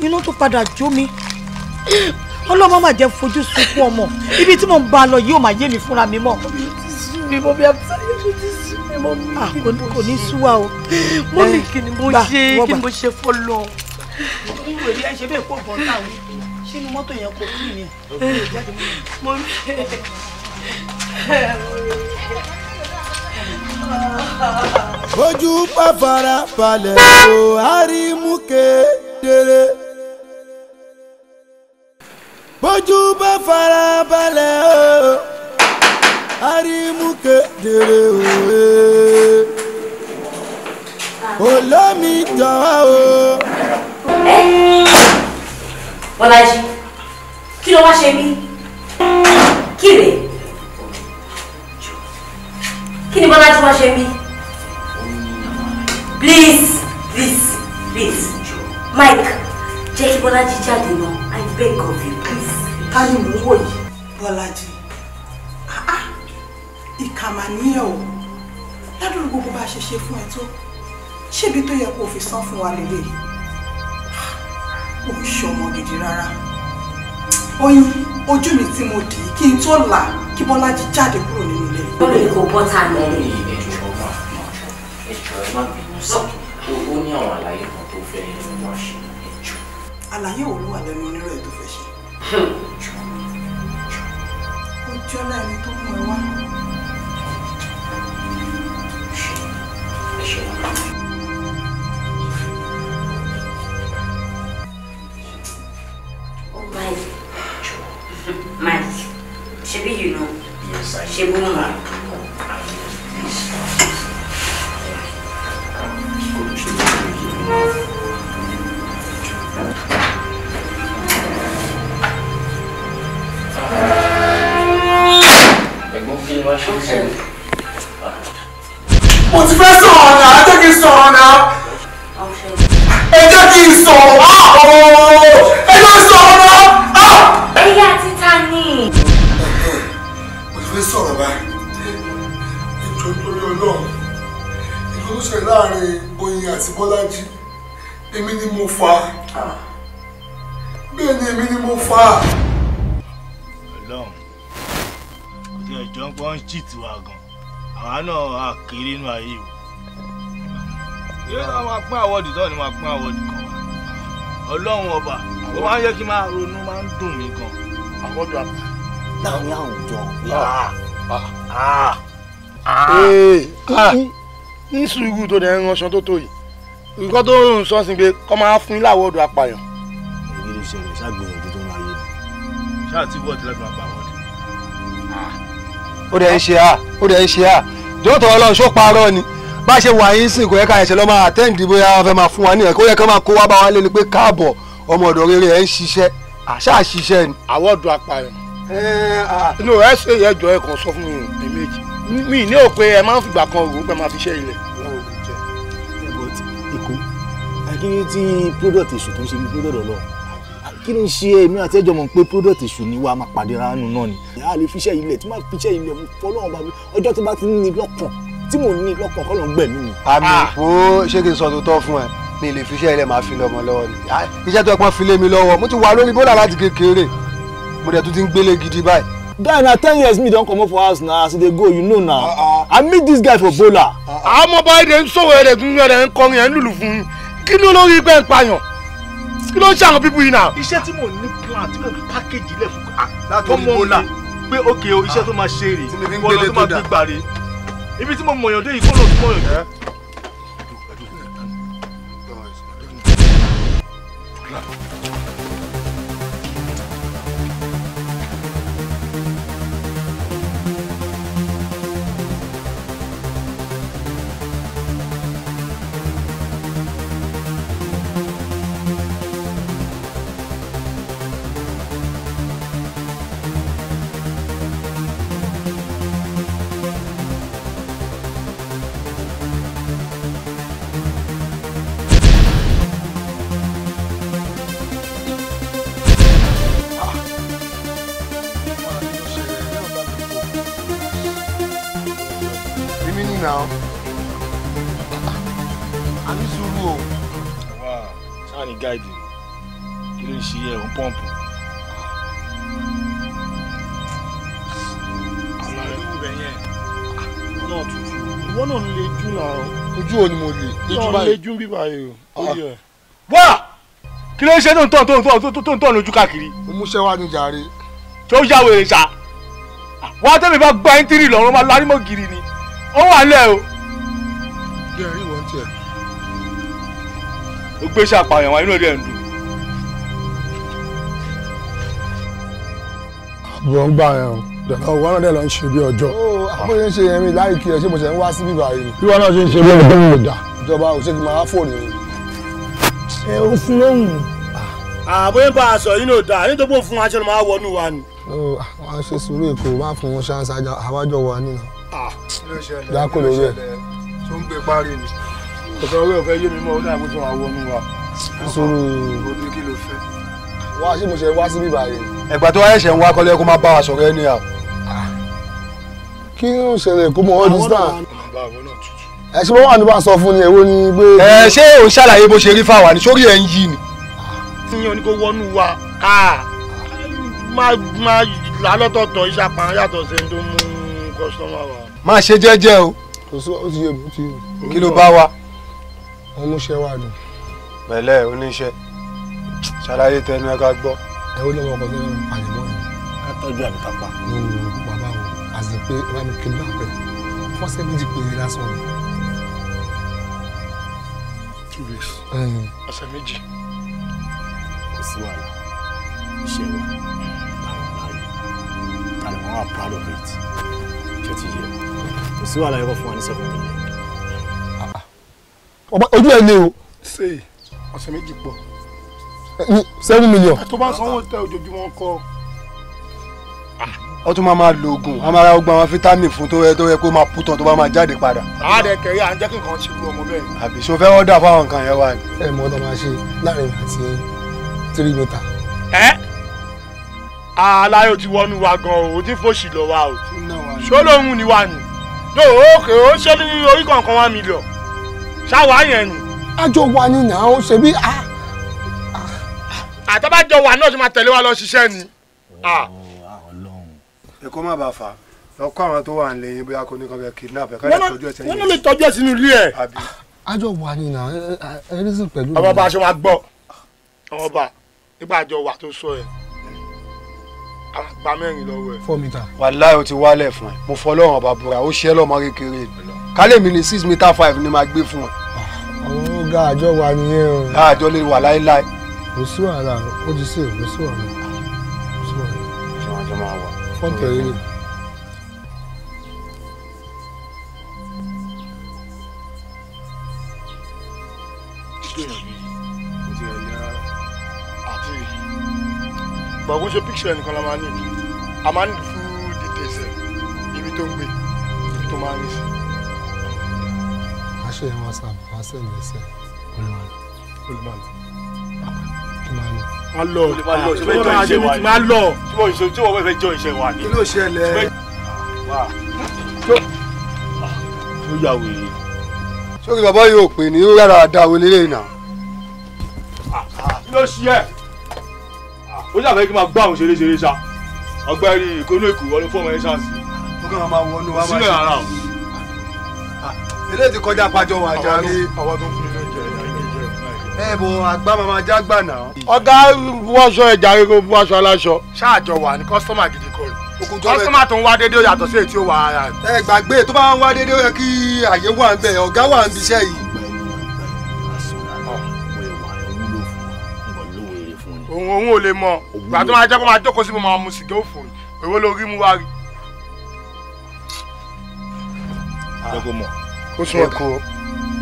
inú tó padà jó mi ọlọ́mọ má jẹ́ fojú sunkún ọmọ ibi tí mo ń ba lọ yìí ò má yé mi fúnra mi mọ́ mi ah, mo bí abisayé mi mi mo mi kò ní sú o mo mi eh, kí ni mo ṣe kí ni mo ṣe fọlọ. ìwé rí ẹ ṣe bẹ́ẹ̀ kó bọ́ táwọn sínú mọ́tò yẹn kò kí ni mo mi. ojú pàfàrà balẹ̀ o àrímú kedere bójú bá fara balẹ̀ o rí mú kedere òwe olómi jọ̀wọ́ o. bọ́lájí kí ló wá ṣe mí kí kí ni bọ́lájí wá ṣe mí please please please mike jẹ́ kí bọ́lájí jáde náà i beg of you please ká ní mò ń wò yìí bọ́lájí ìkà mà níyẹ̀ o ládùúgbò gbogbo bá ṣe ṣe fún ẹ tó ṣébi tó yẹ kó fi san fún wa lélẹ̀ ò ń ṣọmọ gidi rárá oyin ojú mi tí mo dì í kí n tó là kí Bọ́lájí jáde kúrò nínú ilé. lórí kò bọ́tà mẹ́rin. ẹjọ́ má bínú bínú sí i ó ní àwọn àlàyé kan tó fẹ́ wá ṣe ẹjọ́. àlàyé wo ló wà lẹ́nu onírọ̀ ẹ̀ tó fẹ́ ṣe. ojú ọlá ẹni tó mú ẹ wá. Jorge. mais. my. My. Shebi, you know. Pegou o filho, eu acho que mo ti fẹ́ sọ̀rọ̀ náà ẹ jẹ́ kí n sọ̀rọ̀ náà ẹ jẹ́ kí n sọ̀rọ̀ ah, ẹ jẹ́ kí n sọ̀rọ̀ náà. Ah! ẹyà títa ni. mo ti fẹ́ sọ̀rọ̀ báyìí ètò ìtòrí ọlọ́run ìtò tó láàrin Oyin àti Bọ́lájí èmi ni mo fà bẹ́ẹ̀ ni èmi ni mo fà ọlọ́run kò ń gbọ́ jì tiwa gan àwa náà á kéré nínú ayé o ìrẹ́ náà máa pín àwọ̀dì tó ni máa pín àwọ̀dì kan ọlọ́run ọba ó máa ń yẹ kí n máa ronú máa ń dùn mí gan. àwọ̀dì àpò láàrin àwùjọ ah, ah, ah. Eh, ní sùúrù tó dẹ̀ ń ránṣọ tó tó yìí nǹkan tó ń sọ sí pé kọ́ máa fún yín láwọ́ọ̀dù apààyàn. èyí ló ṣẹlẹ̀ ṣàgbìyànjú tó máa yé ṣáà tí wọ́ọ̀dì lágbàá pa àwọ̀dì ó dẹ̀ ń ṣe à ó dẹ̀ ń ṣe à jọ́tọ̀ ọlọ́run ṣó parọ́ ni bá ṣe wà yín sìnkú ẹ̀ka ẹ̀ṣẹ̀ lọ́ máa àtẹ́ǹdì bóyá wọ́n fẹ́ máa fún wa níyẹn kó yẹ kó máa kó wá bá wa lé ni pé káàbọ̀ ọmọ ọ̀dọ̀ rere ẹ̀ ń ṣiṣẹ́ àṣà ṣiṣẹ́ ni. àwọ̀dù apààyàn. inú ẹ ṣe yẹ jọ ẹ kàn sọ fún mi méjì mi ní o pé ẹ máa ń fìgbà kan òògùn pé máa fi ṣe ilẹ̀. ẹ̀kọ́ ti ẹ̀kọ́ akínyìn tí product èso tó ń ṣe ní product ọlọ́run kí ni ṣe èmi àti ẹjọ́ mọ̀ pé product èṣù ni wàá máa pàdé ara nù náà ni. a lè fiṣẹ́ ilẹ̀ tí máa fiṣẹ́ ilẹ̀ fọlọ́run bá mi ọjọ́ tó bá ti ní lọ́kàn tí mò ń ní lọ́kàn kọ́ ló ń gbẹ̀mí mi. àmì ah. ó ṣé kí n sọ tòótọ́ fún ẹ mi lè fiṣẹ́ ilẹ̀ máa fi lọ́mọ lọ́wọ́ ni ah, iṣẹ́ tó ẹ̀pọ́n fi lé mi lọ́wọ́ mo ti wà lórí bọ́lá láti kékeré mo dẹ̀ tún ti ń gbélé gidi báyìí. guy na ten years me don comot for house na as e dey go you know na ah, i meet this guy for bowler. àmọ́ báyìí dẹ̀ ń sọ̀rọ̀ ẹ̀ dẹ̀ ń kọrin ẹ̀ ń lùlù fún un kí ni olórí pẹ́ ń pààyàn kí ló ń ṣe àwọn pípú yìí náà. iṣẹ́ tí mò ní plan tí mò ń package ilẹ̀ fún ah, ọmọ mi pé òkè o iṣẹ́ tó máa ṣe rè wọ́n lọ tó máa gbé gbàre ibi tí mo mọ̀yàn dé yìí kó lọ tó mọ̀yàn dé. Claro. báyìí. lejú bí báyìí o. Ah. wá kí ló ń ṣe tó ń tọ́ tó ń tọ́ tó ń tọ́ lójú káàkiri. mo mú iṣẹ́ ní jàre. tó yà wèrè sá wá tẹ́lẹ̀ bá gba ẹ́ ń tiri lọ́rùn máa lárí gírí ni ó wà lẹ́ o. bí ẹ rí ìwọ ń tiẹ̀. ó gbé ṣàpàyàn wá inú ọdẹ ẹ̀ ń dùn. àbúrò ń gbà yẹn o ọwọ́ náà dẹ̀ lọ ń ṣe bí ọjọ́. bó oh, ṣe ń ṣe yẹn mi láìkí ẹ ṣé mo ṣe ń wá sí bíbá yìí. bí wọn náà ṣe ń ṣe bí ọjọ́ yóò dà. ìjọba ò ṣe kí máa fòní. ẹ o fún lóhùn. àbóyè ah, ah, bá a sọ yìí náà dà nítorí pé òfin aṣọ máa wọnú wa ni. Oh, ah, wọ́n á ṣe sùúrù èkó má fún wọn ṣáńṣá àwájọ wa nínú. dákò lórí ẹ. tó ń gbé parí ni ọ̀sán owó ọ̀fẹ́ yé mi mọ́ ó dàgbé tó wà wọnú wa. sùúrù ìbò ní kí ló fẹ́. wá ṣé mo ṣe wá sí bíbá yìí. ẹ̀gbà tó wáyé ṣẹ̀ ń wá kọ́lé kó má bá wa sọ̀rọ̀ ẹni à kí ló ń ṣẹlẹ̀ kó mọ understand. ẹ ṣe bá wà ní bá sọ fún ni èwo ni pé. ẹ ṣé ò ṣàlàyé bó ṣe rí fáwa ni sórí ẹ̀ ń yí ni. tíyan ni kò wọnú wa máa lálọ́tọ̀ọ̀tọ̀ iṣẹ́ àpamọ́ yàtọ̀ sí ẹni tó mú kọ́sítọ́mà wa. máa ṣe jẹ́jẹ́ o. kò sí ó ti yé mi ti yé kí ló bá wa. wọn wa ni. pẹ̀lẹ́ oníṣẹ́ ṣàlàyé tẹnu ẹ ká gbọ́. ẹ ó ni. ká tọ́jú pé ẹ mi kí n fọ́sẹ̀ méjì péré lásán ni. two weeks ọ̀sẹ̀ méjì. kò sí wàhálà iṣẹ́ wa táwọn láàyè táwọn wà proud of it ṣé ti yẹ kò sí wàhálà yọkọ fún wa ní seven million. Ah, ah. ojú ẹ ní o. ṣe ọ̀sẹ̀ méjì pọ̀. seven million. tó bá sanwó tẹ ojoojúmọ́ kọ́. Ah, ó tún máa máa lo oògùn a máa ra gbogbo àwọn fítámì fún tó yẹ tó yẹ kó máa kú tán tó bá máa jáde padà. àádẹ kẹrí à ń jẹ́ kí nǹkan ṣe gbọmọ bẹ́ẹ̀. àbí so fẹ́ ọ̀dà fáwọn nǹkan yẹn wà ní. ẹ mọ ọdọ máa ṣe láàrin àti tírí mítà. ẹ aláyọ̀ ti wọnú wa gan o ti fòṣì lọ wa o ṣó lóhun ni wa ni tó òkè ó ṣe ní orí kankan wa mi lọ ṣáwa yẹn ni. àjọ wa ni nà ó ṣe bí. àtàbàjọ wa ah, ah. náà ṣe máa tẹ̀lé wa lọ ṣiṣẹ́ ni. Ah ẹ kó má bàa fà á lọ kó àwọn tó wà nílé yín bóyá kó ní kan fẹ́ kidnap ẹ ká lè tọ́jú ẹ sẹ́yìn. wọ́n lè tọ́jú ẹ sínú ilé ẹ̀. àjọ wà ní nà ẹrísìn pẹ̀lú. ọmọ bá aṣọ wa gbọ́ ọmọ bá nígbà àjọ wà tó sọ ẹ àgbà mẹ́rin lọ́wọ́ ẹ. four meter. wàláì o ti wálẹ̀ fún ẹ mo fọ lọ́rùn ọba búra ó ṣe é lọ́mọ kékeré kálẹ̀ mi ní six meter five ni màá gbé fún ẹ. àwọn ọgá àjọ wà nìyẹn o. láàjọ lè wà láéláé. kò sí wàhálà ó ti sè é kò sí wàhálà. ṣé wàá jọ máa wà. ¿Cuánto de vinil? bọ̀ kó ṣe picture ẹnìkan la máa ní a máa ní fún details ẹ ibi tó ń gbé ibi tó máa ń rìn sí. aṣọ yẹn whatsapp whatsapp ẹsẹ olùmọ̀lù olùmọ̀lù kí máa ń lọ má lọ ṣùgbọ́n máa dé mi ti má lọ. ṣùgbọ́n ìṣòro tí wọ́n fẹ́ jọ ìṣe wà ní. kí ló ṣẹlẹ̀. tó ah. yà wèrè. sókè bàbá yóò pè ní rárá àdáwọ̀ lélẹ́yìn náà. Ah, ah, kí ló ṣe ẹ́ ó ṣàfẹ́ kí n máa gbọ́ àwọn ṣeré ṣeré ṣá ọgbẹ́ rí ìkónú èkó wọlé fún ọmọ ẹ̀ṣáàsì. ó kàn máa wọnú wa máa ṣe sílẹ̀ rárá o. eléyìí ti kọjá pàjọ wà jáde. àwọn tó ń fún ẹ bo agbámama jágbà náà. ọ̀gá wọṣọ ẹja rẹ bu aṣọ aláṣọ. ṣáàjọ wà ní kọ́sítọ́mà gidi kan ni kọ́sítọ́mà tó ń wá déédéé yàtọ̀ sí èyí tí ó wà ara rẹ̀. ẹ gbàgbé tó bá ń wá déédéé yẹ kí àyè wà ń bẹ ọ̀gá wà ń bíṣẹ́ yìí. òun òun ò lè mọ ìgbà tó máa jẹ́ kó máa jókòó sí mo máa mu sìgá òfò èwo lórí mu wá rí. ẹ kò mọ̀ kó sún ọkọ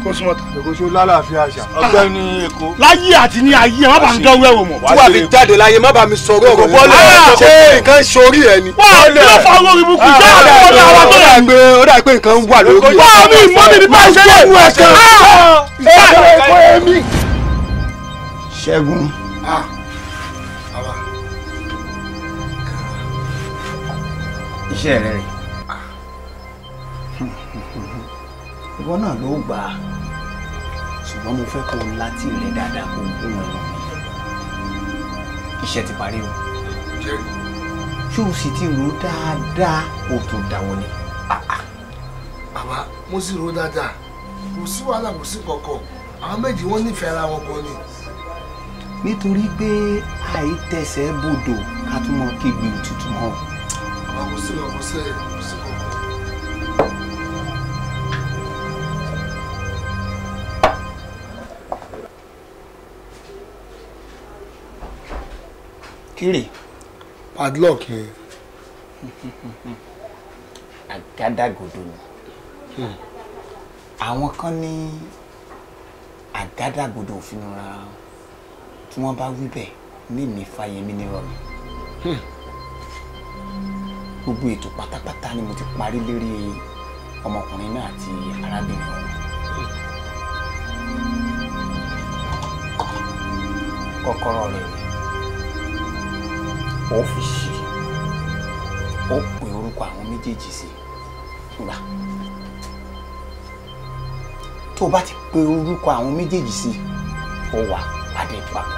kó súnmọ́ ta. èkó ṣe lálàáfíà àṣà. ọ̀gbẹ́ni èkó. láyé àti ní ayé ẹ má bàa ń dánwó ẹwò mọ. wà á fi jáde láyé má bàa mi sọ̀rọ̀ ọ̀rọ̀ wọn lọ ṣe nǹkan sórí ẹ ni. wà á lọ fọ àwọn ìbùkún kí á lọ fọ àwọn tó yẹ. ó dà pé nǹkan wà lórí. wà á mi mọ́ mi ní bá ṣe yẹ. ṣẹ́gun. Ah. iṣẹ́ rẹ̀ rẹ̀ [laughs] ìwọ náà ló gbà á àmọ́ mo fẹ́ kó o láti rẹ dáadáa kó o gbóhùn ẹ̀rọ mi iṣẹ́ ti parí o ṣé o sì ti rò dáadáa o tó dáwọ́ ni. bàbá mo sì rò dáadáa kò sí wàhálà kò sí kankan àwọn méjì wọ́n nífẹ̀ẹ́ ara wọn gan ni. nítorí pé àìtẹsẹ̀ bodò ká tún mọ kígbe òtútù mọ́. bàbá kò sí ọkọ sílẹ̀ kò sí kírè. padlock ni. àgádágodo ni hmm. àwọn kan ní àgádágodo òfin ra tí wọ́n bá wí bẹ́ẹ̀ ní mi fáyemí nírọ̀ mi hmm. gbogbo ètò pátápátá ni mo ti parí lérí ọmọkùnrin náà àti arábìnrin ọ̀hún. Hmm. kọ́kọ́rọ́ rẹ̀ rẹ̀ ọ́fíìsì ó pe orúkọ àwọn méjèèjì sí gbà tó o bá ti pe orúkọ àwọn méjèèjì sí ó wà pàdé papọ̀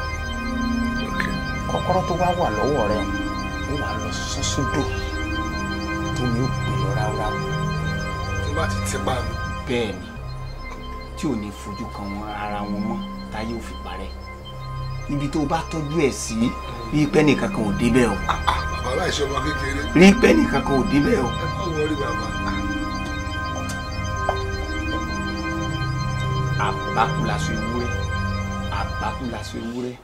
kọ́kọ́rọ́ tó wá wà lọ́wọ́ rẹ ó wà lọ sọ́sọ́dọ̀ tó ní ó pè lọ ráúráú. tó bá ti tipa mi. bẹ́ẹ̀ ni tí ò ní fojú kan ara wọn mọ́ táyé ò fi parẹ́ ibi tó o bá tọ́jú ẹ̀ sí rí pẹ́ nìkan kan ò débẹ̀ o. bàbá aláìṣẹ́ ọmọ kékeré. rí pẹ́ nìkan kan ò débẹ̀ o. ẹ má wọrí bàbá. àbákù laṣọ ewúrẹ́ àbákù laṣọ ewúrẹ́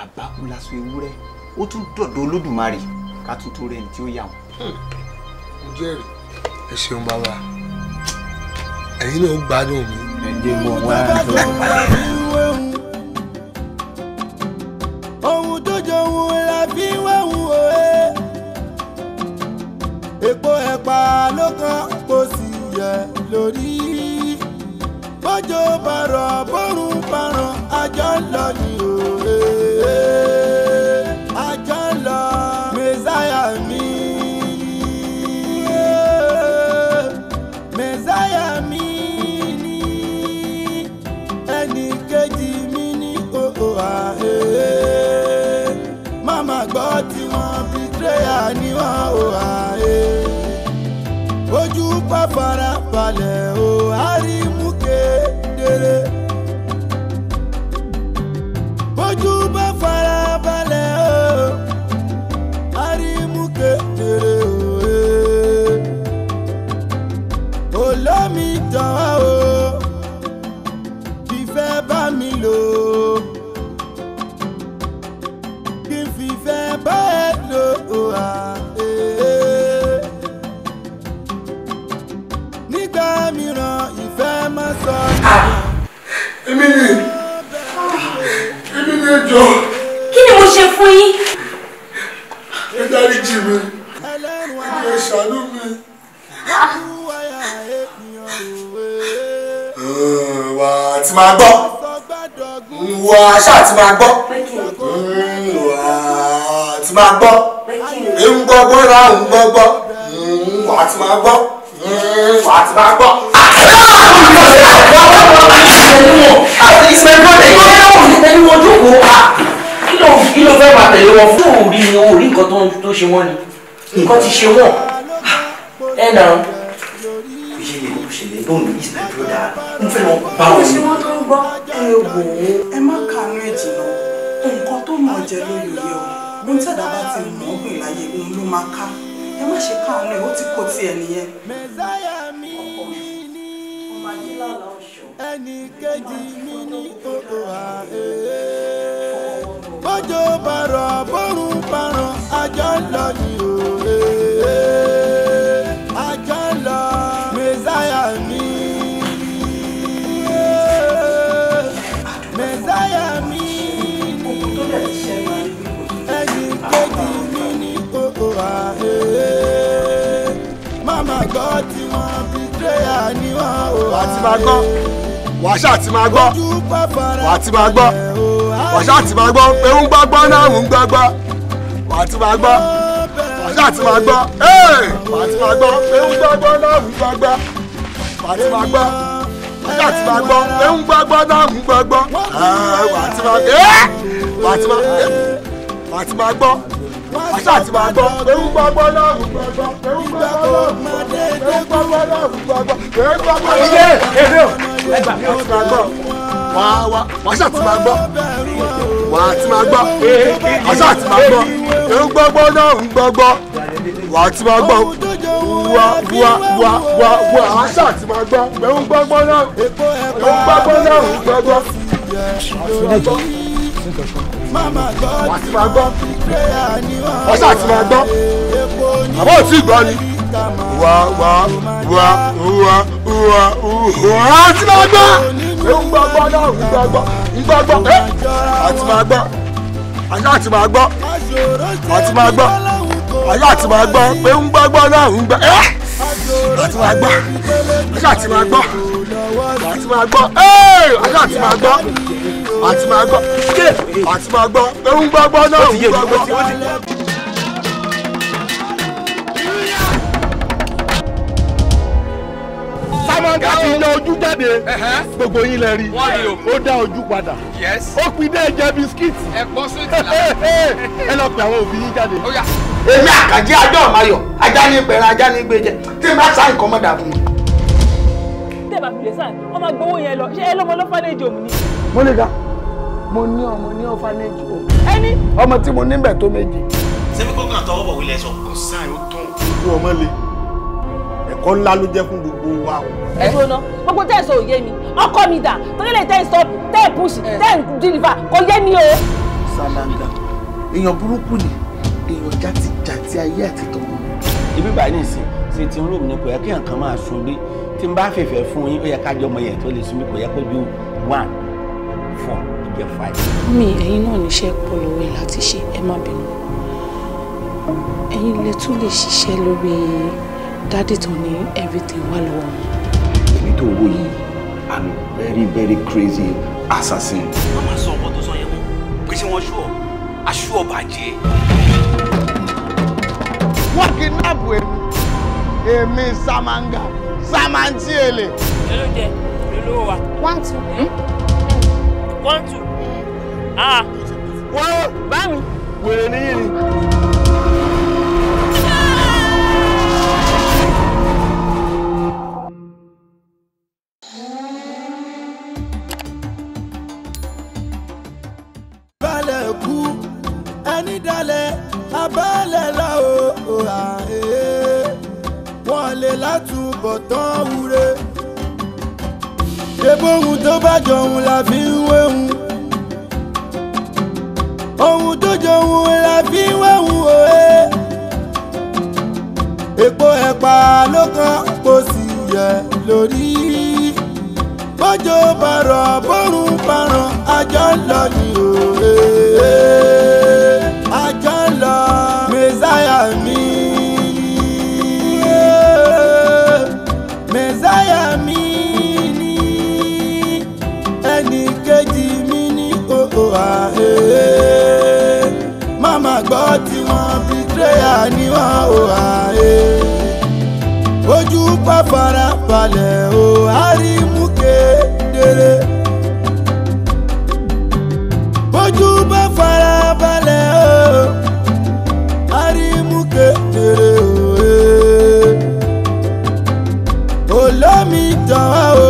àbákù laṣọ ewúrẹ́ ó tún dọ̀dọ̀ olódùmarè ká tún tó rẹ̀ ní tí ó yà wọ́n. Hmm. ẹ ṣeun bàbá ẹ̀yin náà gbádùn mi. ẹ jẹ́ mo wá [laughs] òjòhun la fi wẹ̀hùn eh? òye èpo ẹ̀pà ló kàn kó sì yẹ lórí bójò bàrọ̀ bórun bàrọ̀ àjọ lọ ní òye. mọ́ o àyè ojú pa fara balẹ̀ o àyè. ti máa gbọ́ wà á ṣáà ti máa gbọ́ wà á ti máa gbọ́ ń gbọ́gbọ́ ra ń gbọ́gbọ́ wà á ti máa gbọ́ wà á ti máa gbọ́. àti ìsìnkú ọ̀dẹ̀ yìí ló ń tẹ́lẹ̀ wọn jókòó kí ló fẹ́ máa tẹ̀lé wọn fún òòrí ni òòrí nǹkan tó ṣe wọ́n ni nǹkan ti ṣe wọ́n ẹ̀ náà. kò yé mi kò ṣe lè bóun ní ìsìn tó dáa ń fẹ́ lọ bá wọn. oṣù wọn tó ń gbọ́. ẹ wò ó ẹ má kàánú ẹ̀ jìnnà nǹkan tó mọ̀ ti mọ̀ ọ́ gbìn láyé òun ló máa ká ẹ má ṣe kàánú ẹ̀ ó ti mi ọmọ ajé lálàá ọ̀ṣọ́. ẹnì kejì mi ní bàrọ̀ bórun bàrọ̀ àjọ lọ ní òwe. wàá ti máa gbọ́ wàá ṣáà ti máa gbọ́ wàá ti máa gbọ́ wàá ṣáà ti máa gbọ́ pé ń gbàgbọ́ náà ń gbàgbọ́ wàá ti máa gbọ́ wàá ṣáà ti máa gbọ́ wàá ti máa gbọ́ pé ń gbàgbọ́ náà ń gbàgbọ́ wàá ti máa gbọ́ wàá ṣáà ti máa gbọ́ pé ń gbàgbọ́ náà ń gbàgbọ́ wàá ti máa gbọ́ wàá ti máa gbọ́ wọ́n ṣàti máa gbọ́ ewu gbọ́gbọ́ lọ́rùn gbọ́gbọ́ ewu gbọ́gbọ́ lọ́rùn gbọ́gbọ́ ewu gbọ́gbọ́ lọ́rùn gbọ́gbọ́ ewu gbọ́gbọ́ lọ́rùn gbọ́gbọ́ ewu gbọ́gbọ́ lọ́rùn gbọ́gbọ́ wà wà wà ṣáà ti máa gbọ́ wà á ti máa gbọ́ wà ṣáà ti máa gbọ́ ewu gbọ́gbọ́ lọ́rùn gbọ́gbọ́ wà á ti máa gbọ́ wà wà wà wà wà wà ṣáà ti máa gbọ́ ewu gbọ́gbọ́ lọ́rùn ewu gbọ́gbọ́ lọ́rùn gbọ́gbọ́ wà á ti máa gbọ́ ọ̀sà àti máa gbọ́ àbọ̀ ò tí ì gbọ́ ni wà wà wà wà wà wà á ti máa gbọ́ ewu gbàgbọ́ náà gbàgbọ́ gbàgbọ́ ẹ àti máa gbọ́ àyà àti máa gbọ́ àti máa gbọ́ àyà àti máa gbọ́ pé ń gbàgbọ́ náà ń gbà ẹ àti máa gbọ́ àyà àti máa gbọ́ àti máa gbọ́ ẹ àyà àti máa gbọ́ àti máa gbọ́ àti máa gbọ́ pé ń gbọ́ gbọ́ náà ń gbọ́ gbọ́. sámọ́ńkà ti yọ ojú jáde gbogbo yín lẹ rí ó dá ojú padà ó pin dé jẹ bisikíìtì ẹ lọ pe àwọn òbí yín jáde. èmi àkàjẹ́ ajá ọ̀mayọ̀ ajá ní pẹ̀rẹ̀ ajá ní gbẹjẹ tí n bá sá nǹkan mọ́ dà fún mi tẹ́ bá fi lè sàn ọmọ agbowó yẹn lọ ṣé ẹ lọ́mọ lọ́fàlẹ́jì òun ni. mo lè ga mo ní ọmọ ní ọ̀fánẹ́jì o ẹni ọmọ tí mo níbẹ̀ tó méjì. sẹ́mi kọ́kọ́ àtọwọ́ bọ̀ wílẹ̀ sọ. kò sáà yóò tán ojú ọmọ le ẹ̀kọ́ ńlá ló jẹ́ fún gbogbo wa o. ẹ jóná gbogbo tẹ́ ẹ̀ sọ òye mi ọkọ mi dà torí lè tẹ́ ẹ̀ stop tẹ́ ẹ̀ push tẹ́ ẹ̀ deliver kò yé mi o. sàlàngà èèyàn burúkú ni èèyàn jàti jàti ayé àti tọmọ. ibi báyìí nìsín ṣe ti ń rò mí ni kò yẹ kí nǹkan máa sun bí tí n bá fèfè fún yín ó yẹ ká jọmọ yẹn tó lè sun bí kò yẹ kó ju one four you're fine. mi ẹ̀yin náà níṣẹ́ pọ̀ lọ́wọ́ láti ṣe ẹ má bínú ẹ̀yin lè tún lè ṣiṣẹ́ lórí dádì tó ní everything wà lọ́wọ́ mi. èmi tó wò yìí i'm a very very crazy assassin. wọ́n sọ ọkọ tó sọ yẹn mọ́ pé ṣé wọ́n ṣú ọ aṣú ọ bàjẹ́. wọ́n kì í náàbù èmi èmi samanga samantiele. èló jẹ èló wa. one two. Hmm? one two. Ah. wọ́n báwo wèrè níyì ni. balẹ̀ kú ẹni dalẹ̀ abẹ́lẹ̀ la o e. wọ́n lè látúbọ̀ tán wúre. ṣé bóun tó bá jọun la fi ń wéhun. òjòhun la fi wẹ̀hùn òye èpo ẹ̀pà ló kàn kó sì yẹ lórí bójò bàrọ̀ bórun bàrọ̀ àjọ lọ ni òye àjọ lọ mẹ́sáyà mi mẹ́sáyà mi. gbàgbọ́ tí wọ́n fi tírẹ́yà ni wọ́n ò àyè ojú pa farabalẹ̀ ò àrímú kedere ojú pa farabalẹ̀ ò àrímú kedere ò eh. olómi tán o.